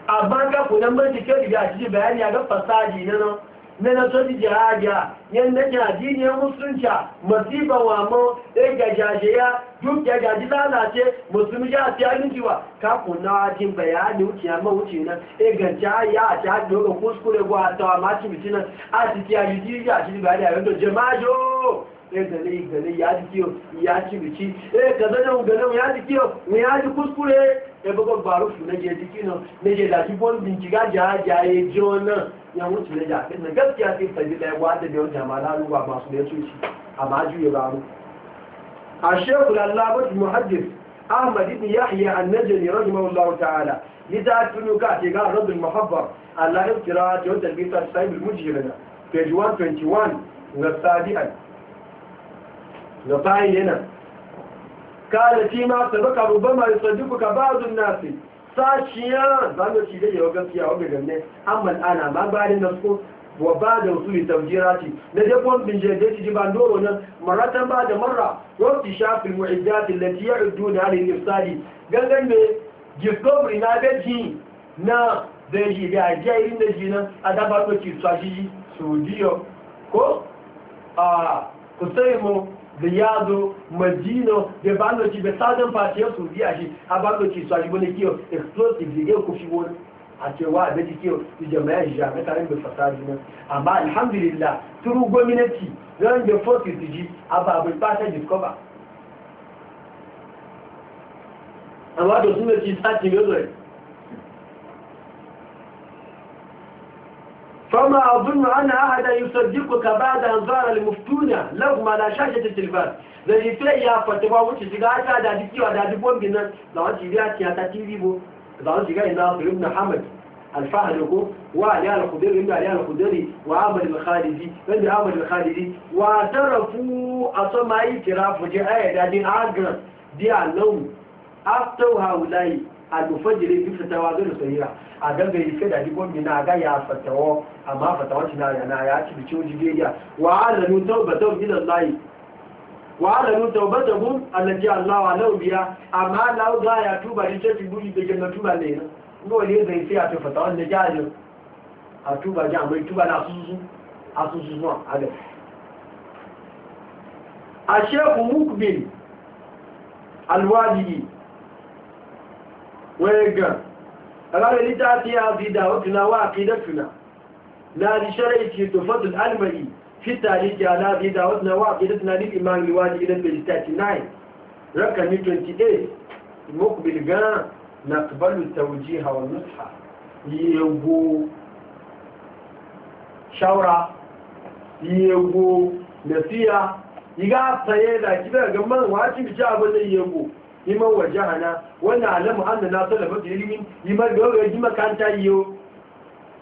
a ga kunan man jike da ya ci bayani a ga fasaji na nan na na sojin jihadiya yadda jajiniyar musulunca masifan wamo ɗaya eh, gajajiya duk gajaji lalace musulmi ya fi aminci wa kaku na jin bayani wuce ya ma wuce nan ɗaya eh, ganca ya a ta na ga kuskure gwa a tawa maci mutu a ciki a jiri ya ci bayani a yadda jama'a ya eh, gane yi gane ya ji kiyo ya ci biki eh ka zane gane ya ji kiyo mu ya ji kuskure ya bako baro su na je jiki no na je da shi bon bincika ja ja ya e ji wannan ya wuce na ja kin na gaskiya sai sabi da ya da biyar jama'a ruwa masu da ya tuci amma juye ba mu الشيخ الألامة المحدث أحمد بن يحيى النجلي رحمه الله تعالى لذلك في نكاتي قال رد المحبر على افتراءات يود البيت السايب المجهرنا page 121 والسابعا na bayi yana kada shi ma sabu ka rubama sadiku ka bazun nasi sashiya ba da shi dai yawa gaskiya wa ne an ana ma ba da su wa ba da wasu tawjirati da dai Na bin je dai ji ban doro nan maratan ba da marra wa tishafil mu'iddat allati da alil ifsadi gangan me discovery na gaji na da yi da ajiyar da ji nan a dabar ko ci tsashi su diyo ko a kusaimo da yado majino da baloci da sadan fasiyar su biya shi a baloci su a shi wani kiyo explosive da yau kufi wani a cewa e a daji kiyo su jama'a shi jami'a tare da fasadi nan amma alhamdulillah turu gwamnati ran da forces su ji a babin fata discover amma da suna ci sati mai zuwa فما أظن أن أحدا يصدقك بعد أن زار المفتونة لو ما لا شاشة التلفاز الذي فيه فتوى وتي شيغا تا دا ديكيو دا دي بوم بنا لو انت بيا تي تا تي في بو لو انت جاي ناصر ابن حمد الفهد كو وعلي الخدري ابن علي الخدري وعمل الخالدي ابن عمل الخالدي واعترفوا أصمعي كراف وجاء دا دي اجر دي علوم افتوا هؤلاء alufajiri bi fatawa zai sahiha a dan bai ke da dibon mina ga ya fatawa amma fatawa shi na yana ya ci bici wajen gariya wa alanu tawbatan ila Allah wa alanu tawbatan allati Allah wa lahu biya amma lau ga ya tuba ni ce buri da janna tuba ne na ngo ne zai sai a fatawa ne jajin a tuba ja mai tuba na susu a susu zuwa a ga a shekhu mukbil alwajibi wẹ́gàn alárẹ̀ ní tààtí àti ìdáwọ́kìnà wà àkídẹ́fìnà láàrí ṣẹ́rẹ̀ ìṣẹ́ tó fọ́tún alìmọ̀lì fíta àríkẹ́ aláàrẹ̀ ìdáwọ́kìnà wà àkídẹ́fìnà ní ìmáàlì wájí ìrẹ́bẹ̀ 39 rẹ́kà ní 28 liman wajahana wannan alamu an da na salafa da ilimin liman da wawai jima kanta yiwu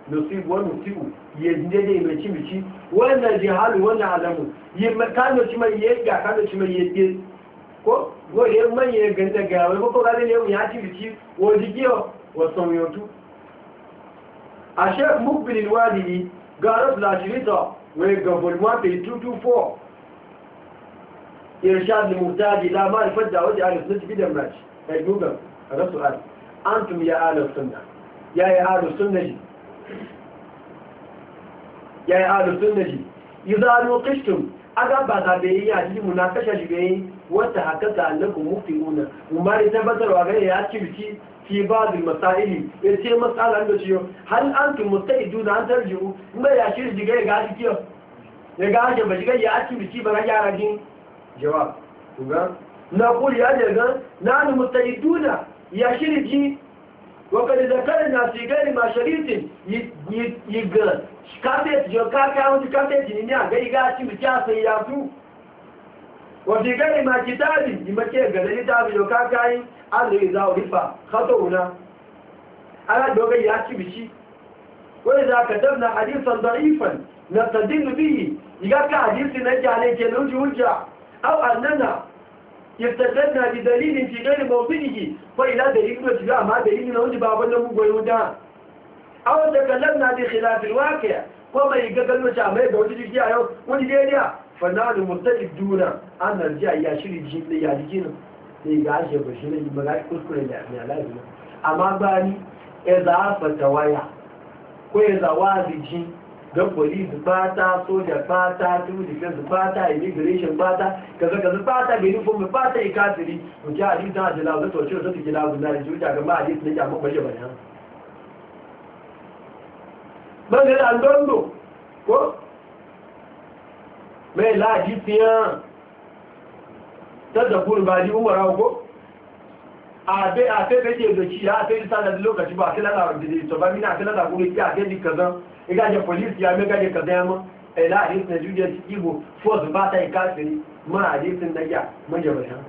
nasibu wani tiku ya zinde da mai cimici wannan jihalu wannan alamu yi kano ci mai yi ga kano ci mai yi ko wani yin manyan ganta ga wani ko gani ne mu ya ci bici wani giyo wasan yotu a shek mukbilin wadini ga rasu lashirita wai ga volmata 224 irshad al-muhtaj ila ma'rifat da'wati al-sunnah bidan mace kai google kada su'al antum ya ahlus sunnah ya ya ahlus sunnah ya ya ahlus sunnah idza nuqishtum aga ba da bai yi a cikin munakasha shi bai wata haka da annabi muftiuna umar ya tabbatarwa ga ya kirki fi bazil masaili ya ce matsala da ciyo hal antum mustaiduna an tarjiu in ba ya shirji ga ya ga ciyo ya ga ba shi ga ya kirki ba ga yaran jawab kuga na kuri ya daga nanu mustahiduna ya shirji wakadi zakar na sigari ma sharitin yi ga kafet jo kaka wani kafet ne ya ga iga ci bi ta sai ya tu wa sigari ma kitabi yi mace ga da litafi jo kaka yi Allah ya zawo rifa khatuna ala doga ya ci bi ci wa idza katabna hadithan da'ifan nastadillu bihi iga ka hadisi na jale ke lujuja أو أننا يفتدنا بدليل في غير موطنه فإلى دليل وجباء ما دليل لهم بابا لهم ويودا أو تكلمنا بخلاف الواقع وما يقبل وشعبه بوجود فيها يوم ونجيريا فنحن مرتددون أن نرجع يا شري بجيب لي يا لجينا ليه قاعد يا بشينا يبقى كل أما باني إذا فتوايا وإذا واضي جين don police bata soja bata civil defense bata immigration bata kaza kaza bata benin fomi bata ikasiri nke hadisi na ajiyar lagun to cewa zata gina abu na da jirgin gama hadisi na kyamun kwashe bayan bangare an dondo ko mai laji fiye ta zakuru ba ji umara ko a sai kake da shi ya sai ta da lokaci ba sai lalawa da to ba mina sai lalawa kuma ya sai dik kaza iga je police ya mega je kaza ma ila hadis na judiya tibo force ba ta kafiri ma hadisin da ya maje bayan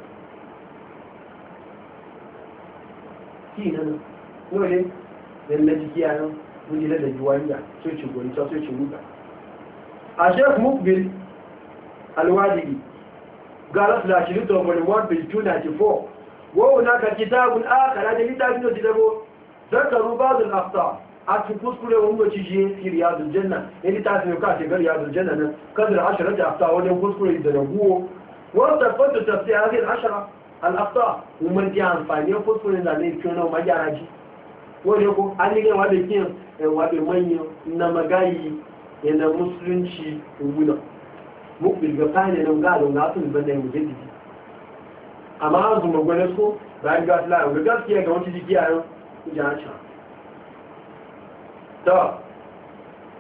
ki nan dole dan na jiki ya nan mun jira da juwanya sai ci gori ta sai ci ruka a shek mukbil alwadi galas da shi to 1 page 294 وهناك كتاب آخر هذا كتاب يتدبو ذكروا بعض الأخطاء أتفوز كل يوم وتجي في رياض الجنة اللي تعرف يقع في رياض الجنة قدر عشرة أخطاء ولا يفوز كل يتدبوه وارتفضت تفسير هذه العشرة الأخطاء ومن دي فاين يفوز كل يتدبوه كنا وما جاراجي وليكو أني كان وابي كين وابي مني إنما جاي إن مسلم شيء وبنا مقبل بقاعدة نمقال ونعطي البنى مجددي amma an zuma gwada su bayan ga su la'ayin ga gaskiya ga wata jiki a yau jihar can ta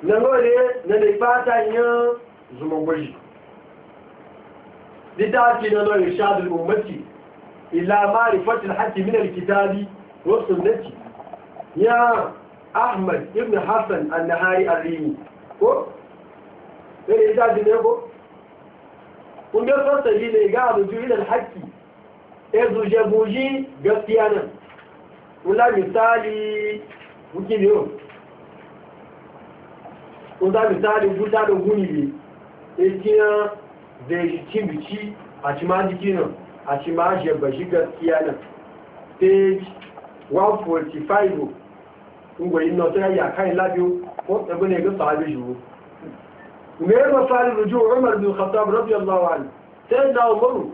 na gode na da fata yin zuma gwaji littafi na nau'in shadul umarci ila marifatin haƙi minar kitabi wasu nake ya ahmad ibn hassan annahari arrimi ko? ɗaya ita ne ko? ƙungiyar sassa ne ga abu juyi da haƙi ezuje buji gaskiya nan wula misali wuki o oh. wula misali guda da guni ne ekiya da yi cin a ci jiki nan a ci ma jabbashi page 145 ngwayin na tana ya kayan labiyo ko ɗabi ne ga sahabi shuru me ya mafari rujo umar bin khattab radiyallahu anhu sai da umaru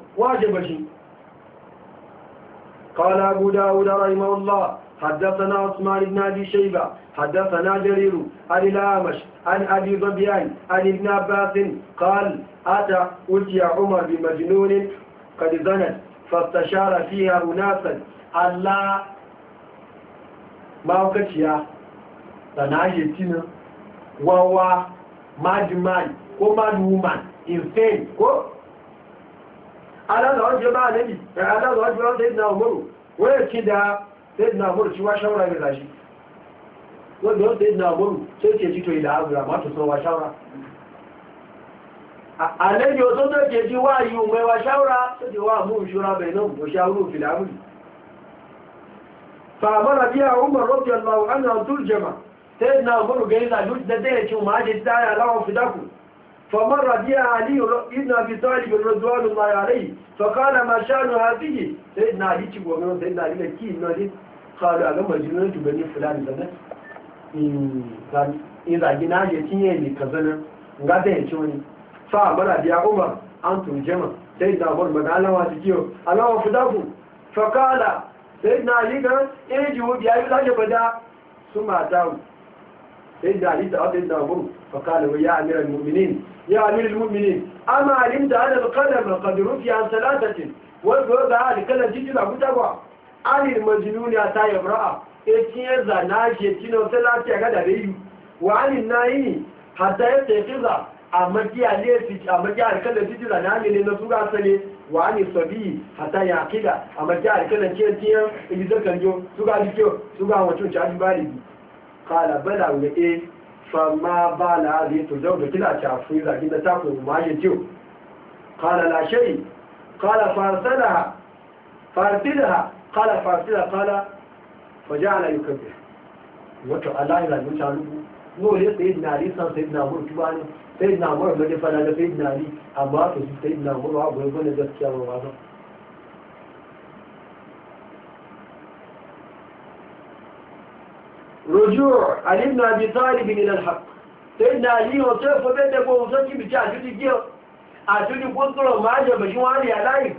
قال أبو داود رحمه الله حدثنا عثمان بن أبي شيبة حدثنا جرير عن الأعمش عن أبي ظبيان عن ابن عباس قال أتى أتي عمر بمجنون قد زنت فاستشار فيها أناسا ألا ما وقتها تناجتنا وهو مجمع ومن woman إنسان faith alálọ́jọ́ bá nẹ́bì alálọ́jọ́ tẹ́dìnà òmòrò wọ́n yẹ kí da tẹ́dìnà òmòrò tí wá ṣáwọ́ra rẹ̀ láṣí wọ́n yọ tẹ́dìnà òmòrò tí ó kèjì tó ìlà àgbà mọ́tò sọ wá ṣáwọ́ra àlẹ́bì ó tó tó kèjì wá yìí òmò ẹwà ṣáwọ́ra tó ti wá mú ìṣúra bẹ̀ náà kò ṣáwọ́rò fìlà àwùjì fàmọ́ra bí àwọn ọmọ rọ́bì ọlọ́wọ́ فمر بها علي ابن أبي طالب رضوان الله عليه فقال ما شأن هذه سيدنا علي تقول من سيدنا علي كي نادي قال أنا مجنون تبني فلان زنا إذا جنا يتيني لكذنا ngada ya ci wani fa mara biya umar an turjama sai da umar magalawa su kiyo alawa fi dafu fakala sai na liga eji wo biya yi laje bada su mata sai da ali ta abu da abu fa kana wa ya amira al mu'minin ya amir al mu'minin amma alim da ana qadar ma qadru fi an salatati wa zo da ali kana jiji na buta ba ali majnun ya ta yabra e tiye za na je tino salati ga da rayu wa ali nayi hatta ya ta fiza amma ki ali fi amma ki ali kana jiji na ali na tuga sane wa ali sabi hatta ya kida amma ki ali kana tiye tiye idan kanjo tuga dikyo tuga wacin ta bari kala bala ga e fama ba na hadi to zau da kila ta fi zagi da ta ku ma ya jiyo kala la shay kala farsalaha farsilaha kala farsila kala faja'ala yukabbir wato Allah ya rubuta rubu no ne sai na ri san sai na murtu ba ne sai na murtu da fara da sai na ri amma to sai na murtu ba ne gaskiya ba ba رجوع علي بن أبي طالب إلى الحق سيدنا علي وصيف بيتك أبو بتاع جدي جيو أتوني قدر ما أجب جواني علي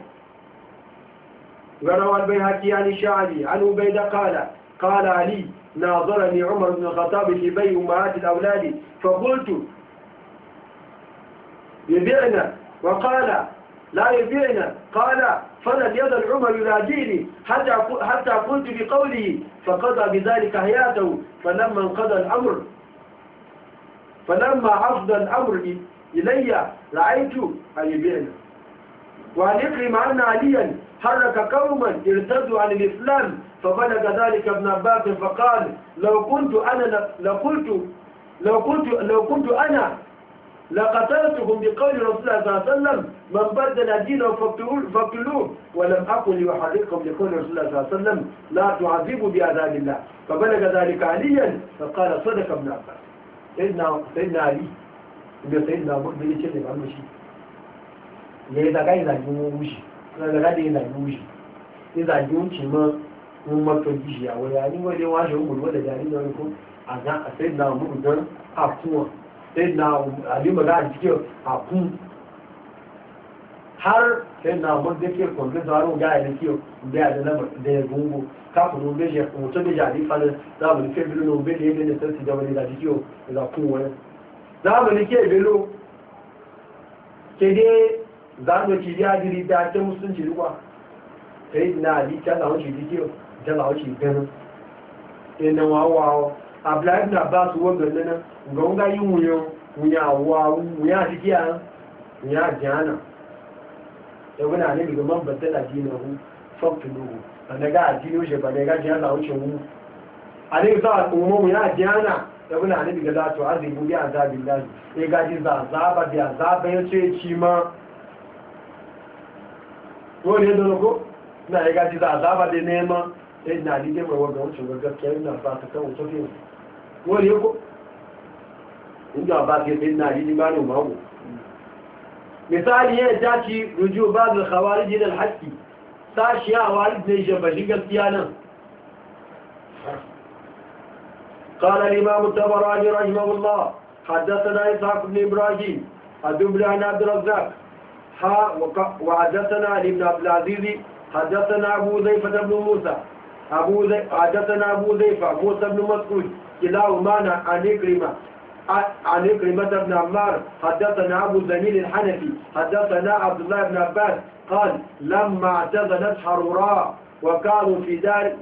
وروى البيهقي عن الشعبي عن عبيدة قال قال علي ناظرني عمر بن الخطاب في بي أمهات الأولاد فقلت يبيعنا وقال لا يبيعنا قال فلت يد العمر يناديني حتى حتى قلت بقوله فقضى بذلك حياته فلما انقضى الأمر فلما أفضى الأمر إلي رأيت أن يبيعنا وعن إكرم أن عليا حرك قوما ارتدوا عن الإسلام فبلغ ذلك ابن عباس فقال لو كنت أنا لقلت لو كنت لو كنت أنا لقتلتهم بقول رسول الله صلى الله عليه وسلم من بدل دينه فاقتلوه ولم أقل لوحدكم بقول رسول الله صلى الله عليه وسلم لا تعذبوا بأذان الله فبلغ ذلك عليا فقال صدق ابن عباس إن سيدنا علي ابن سيدنا أبو بن يشد سيدنا مشي ليه ذا قاعد يموشي ذا قاعد يموشي إذا جونش ما سيدنا تجيش يا ولا يعني ولا واجه ولا جاري ولا يكون عذاب سيدنا أبو بن أفتوه sai na alima za a cikin haku har sai na wanda ke kwanke zaru ga ya ke da ya da da ya gungu kafin obe ya mutu da jari falin za mu ke bilo bai da ya da ne da wani da jiki da ku wani za mu ke bilo ke dai za mu ci ya diri da ke musun ci sai na ali ta lawo ci jiki da lawo ci ganin ina wawawa abdullahi na ga wa wuya jikiya wuya jana da wani ne daga man baddala dinahu faktuhu wanda ga addini shi ba ne ga jana wuce wu a ne za a kuma wuya jana da wani ne daga zato azibu bi azabin lahi ya gaji za zaba bi azaba ya ce ci ma wani ya zo ko na ya gaji za zaba da nema sai na ni dai mai wanda wuce ga gaskiya ina wọ́n lè kó níjọ bá ti fi náà yìí bá ní ọmọ misali yẹn ta ci ruju ba da kawari jinar haƙƙi sashi a wari ne gaskiya nan قال الإمام التبراني رحمه الله حدثنا إسحاق بن إبراهيم الدبل عن عبد الرزاق ها وحدثنا ابن عبد العزيز حدثنا أبو زيفة بن موسى أبو حدثنا أبو زيفة موسى بن مسعود كلاهما عن إكرمة عن إكرمة بن عمار حدثنا أبو زميل الحنفي حدثنا عبد الله بن عباس قال لما اعتزلت حروراء وكانوا في دار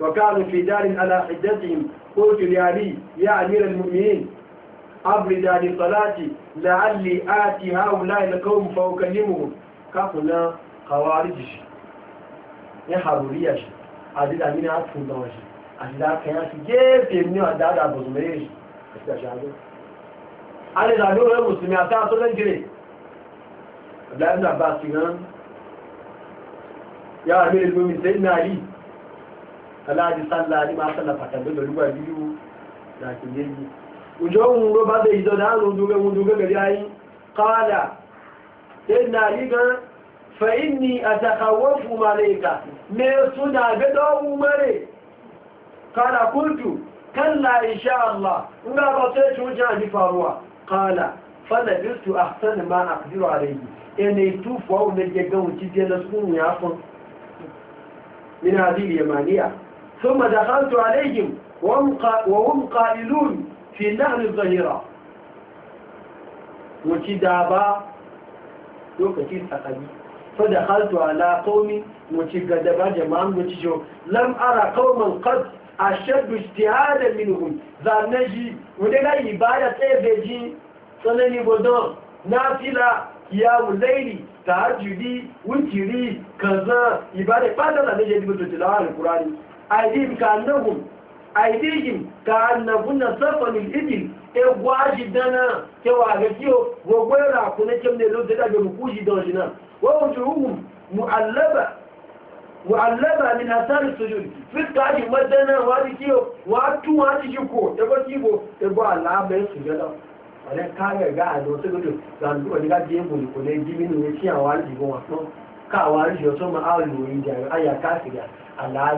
وكانوا في دار على حدتهم قلت لي يا أمير المؤمنين أبرد عن صلاتي لعلي آتي هؤلاء القوم فأكلمهم كفنا خوارج يا حرورية عدد أمين عطف الله àṣìdá kẹyàn ti géèfè ní àdáadà bùsùn méjì àti àṣàdó alẹ́dàdó rẹ̀ mùsùlùmí àtàà tó lẹ́gẹ̀rẹ̀ ọ̀dáyébìnà bá ti rán yára ní ìlú mi sẹ́yìn náà yìí aláàdì sálà ní gan fẹ̀yìn ni àtàkàwọ́ fún màlẹ́kà mẹ́ẹ̀tún náà gbẹ́dọ̀ ọ̀hún mẹ́rẹ̀ẹ́ قال قلت كلا إن شاء الله إن رأيت وجهي فاروة قال فلبست أحسن ما أقدر عليه إن يتوفى ونجدون تجينا سكون يعفن من هذه اليمانية ثم دخلت عليهم وهم قائلون في نهر الظهيرة وتدابا لوكتي سقدي فدخلت على قومي وكذابا جماعا وكذابا لم أرى قوما قد ashaddu ijtihadan minhum zanaji wudega ibada tebeji sanani bodo nafila qiyamul layli tahajjudi wutiri kaza ibada fadala zanaji dibo to tilawa alqur'ani aidim ka annahum aidihim ka annahunna safanil ibil e gwaji dana kewa ga kiyo gogwera kuna kemne lo da ga rukuji dojina wa wujuhum mu'allaba wa'allama min asari sujud fiska aji madana wa di kiyo wa tu wa di jiko e ba kibo e ba ala be sujada wala ka ga ga do to gudu dan do ni ga di mo ko le di minu ni ti àwọn di go wa so ka wa ri yo so ma a lu yi ja aya ka si ga ala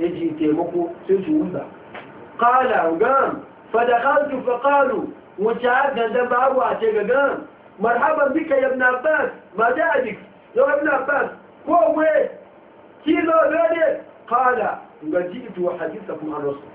يجي تيمكو سيجي قال وقام فدخلت فقالوا وشعاد ندب أبو عشيقا قام مرحبا بك يا ابن عباس ما جاءتك يا ابن عباس هو ويه كيلو قال قد جئت وحديثكم عن رسول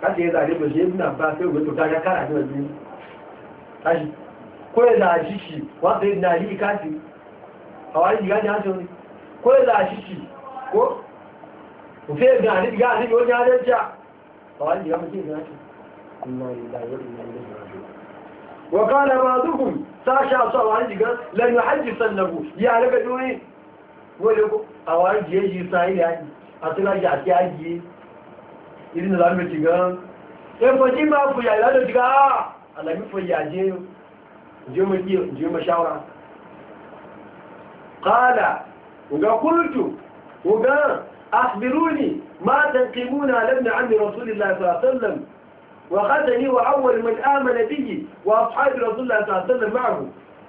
kada ya zaje ba shi na ba sai wato ta ga kara da wani tashi ko ya zaje shi wanda na yi kafi a wani ga ne hasu ko ya zaje shi ko ku sai ga ni ga ni wani ya dace a wani ga mutum ya ce kuma ya da wani ne wa kana ba dukum sasha su a wani ga lan yuhajjisan lahu ya laga dole wani ko a wani jeji da ya a tsira ya ji irin da zamu ci gan sai ko ji ma ku ah, ya diga Allah mi fo ya je je shawara qala uga qultu uga akhbiruni ma tanqimuna lam na'am rasulillahi sallallahu alaihi wasallam وخذني وأول من آمن به وأصحاب رسول الله صلى الله عليه وسلم معه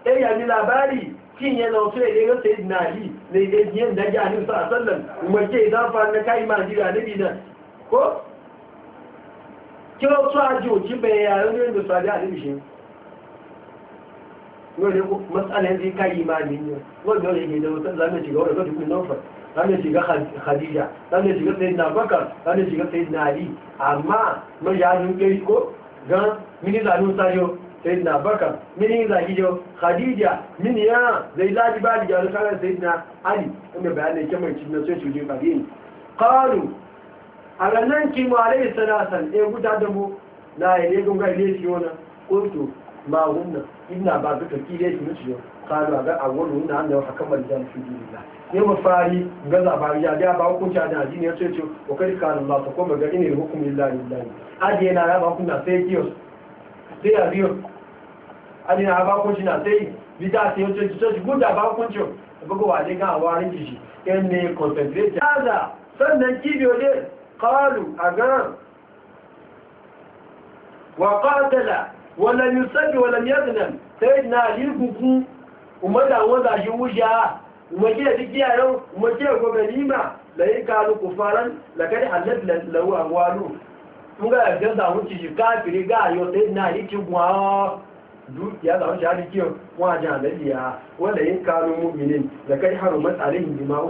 أي يعني الأباري كين ينوصي kí ló tún ajé òjí bẹ̀rẹ̀ ààrẹ ní ìlú sàdé àdébìṣe wọ́n lè kó mọ́sálẹ̀ ń fi káyí máa ní ní wọ́n lè yẹ lọ́wọ́ sẹ́ni lámì ìṣìgá ọ̀rọ̀ lọ́dún pín nọ́fà lámì ìṣìgá Khadija lámì ìṣìgá sẹ́yìn náà bọ́kà lámì ìṣìgá sẹ́yìn náà rí àmà mọ́yà ló ń pé kó gan mínísà ló sáyọ sẹ́yìn náà bọ́kà mínísà yíyọ Khadija míníyà lẹ́yìn láti bá àdìjà lọ́sálẹ̀ sẹ́yìn náà a ranar kimo a rai ɗaya guda da mu na ya ne gunga ile shi wani ma wunna ina ba duka kire shi mutu yau kano a ga a wunna an da wata kamar jan su biyu ne ma fari ga zabari ya ga ba hukunci a ne ya ce ce o kai kano ma ta koma ga ina na ya ba hukunta sai kiyos sai a biyo na ba hukunci na sai قالوا أنا وقاتل ولم يصد ولم يغنم سيدنا علي كوكو ومدى وضع جوجها ومجيه تجيه ومجيه وغنيمة لئن كانوا كفارا لقد حلت له أمواله mun ga yanzu da wuce shi kafiri ga yau sai na yi ki gwa dukiya da wuce har kiyo jan da wanda yin kanu mu'minin da kai haru matsalin jima'u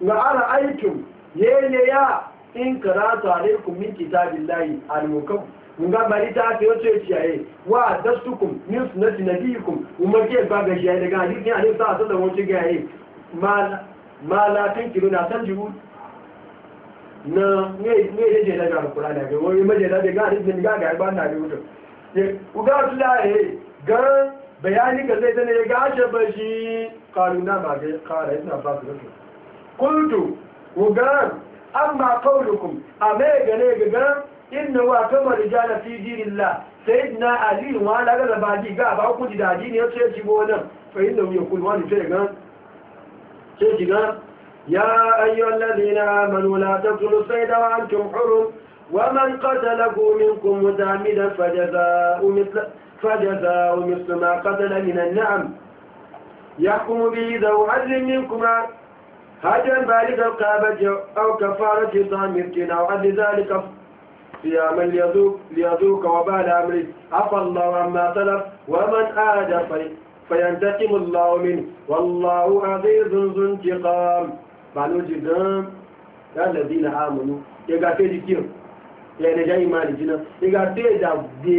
wa ara aikin yeye ya in karatu alaikum min kitabillahi al-mukam mun ga bari ta ce wace ciyaye wa dastukum min sunnati nabiyikum umma ke ba ga ciyaye daga hadisi ne a alaihi wasallam wace ga yayi ma ma la tankiru na san jibu na ne ne je daga alqur'ani ga wani maje da daga hadisin ga ga ba na da ke ku ga su da yayi ga bayani ga zai zane ga shi bashi qaruna ba ga qara ibn abbas rasul قلت وقال أما قولكم أما أميق ليقا إنه وكما رجال في دين الله سيدنا علي وانا قد بادي قابا وكنت داجين يتشيشي بونا فإنه يقول وانا شيئا شيئا يا أيها الذين آمنوا لا تقتلوا السيد وأنتم حرم ومن قتله منكم متعمدا فجزاء مثل فجزاء مثل ما قتل من النعم يحكم به ذو عدل منكم حاجة بالغ القابة أو كفارة طعام مسكين أو قد ذلك في من يذوق ليذوق وبال أمره عفى الله عما سلف ومن آد فينتقم الله منه والله عزيز ذو انتقام قالوا جدام الذين آمنوا يقاتل كيف يعني جاي مالي جنا يقاتل دا دي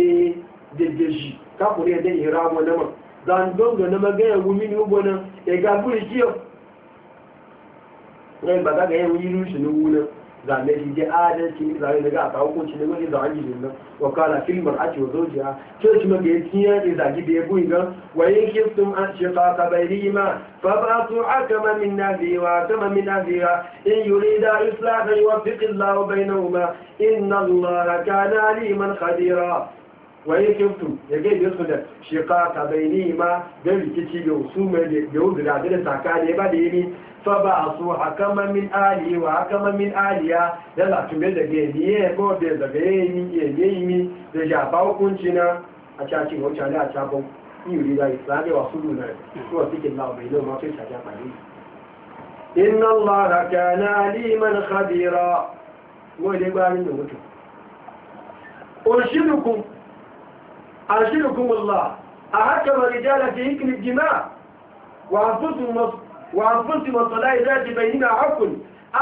دي دي كابوري دي إهرام ونما زان دونغ نما جاي ومين يبونا يقاتل كيف ran ba za ka yi yiru shi na wuna zane shi je adalci zane daga a kawo kunci da wani zane gidan nan wa kala filmar a ce wa zojiya ce shi maka yi tiya ne zagi da ya buyi ga wayin kiftum an shi faka bai rima fa ba su aka ma min nafiwa ta ma min nafiwa in yuri da islaha yi wa fiƙin lawa bai na umar inna allaha kana liman khadira waye kyautu ya gai da su da shekata bai ni ma don rikici da su mai da yau da da ne ba da yini fa ba su hakama min ali wa hakama min aliya da la tumbe da ga yi ya ko da da gai ni ya yi ni da ja ba hukunci na a caci ko da a cabo ni yuri da islami wa sulu na ko cikin lawo bai no ma sai ta ja ba ni inna allaha kana man khabira mo dai ba ni da mutum urshidukum أرشدكم الله أحكم الرجال في هكم الدماء وأنفسهم الصلاة ذات بيننا عقل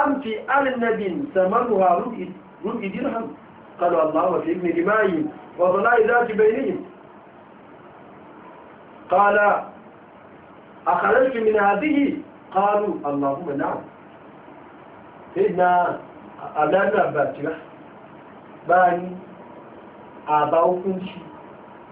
أم في النبي ثمنها رؤي درهم قالوا الله في ابن دمائهم وصلاة ذات بينهم قال أخرجت من هذه قالوا اللهم نعم سيدنا ألا باتنا باني أباوكم شيء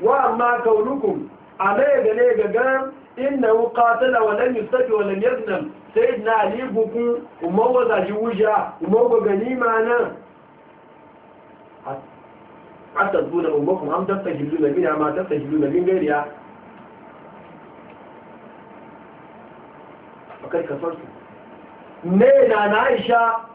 wa amma kaunukum a mai ga ne ga gan inna qatala wa lam yustati wa lam yaznam sayyidina ali buku umma wa zaji wuja umma wa ganima nan hatta an ummakum am tastajiluna min ma tastajiluna min gairiya fakar kafarsu ne na na aisha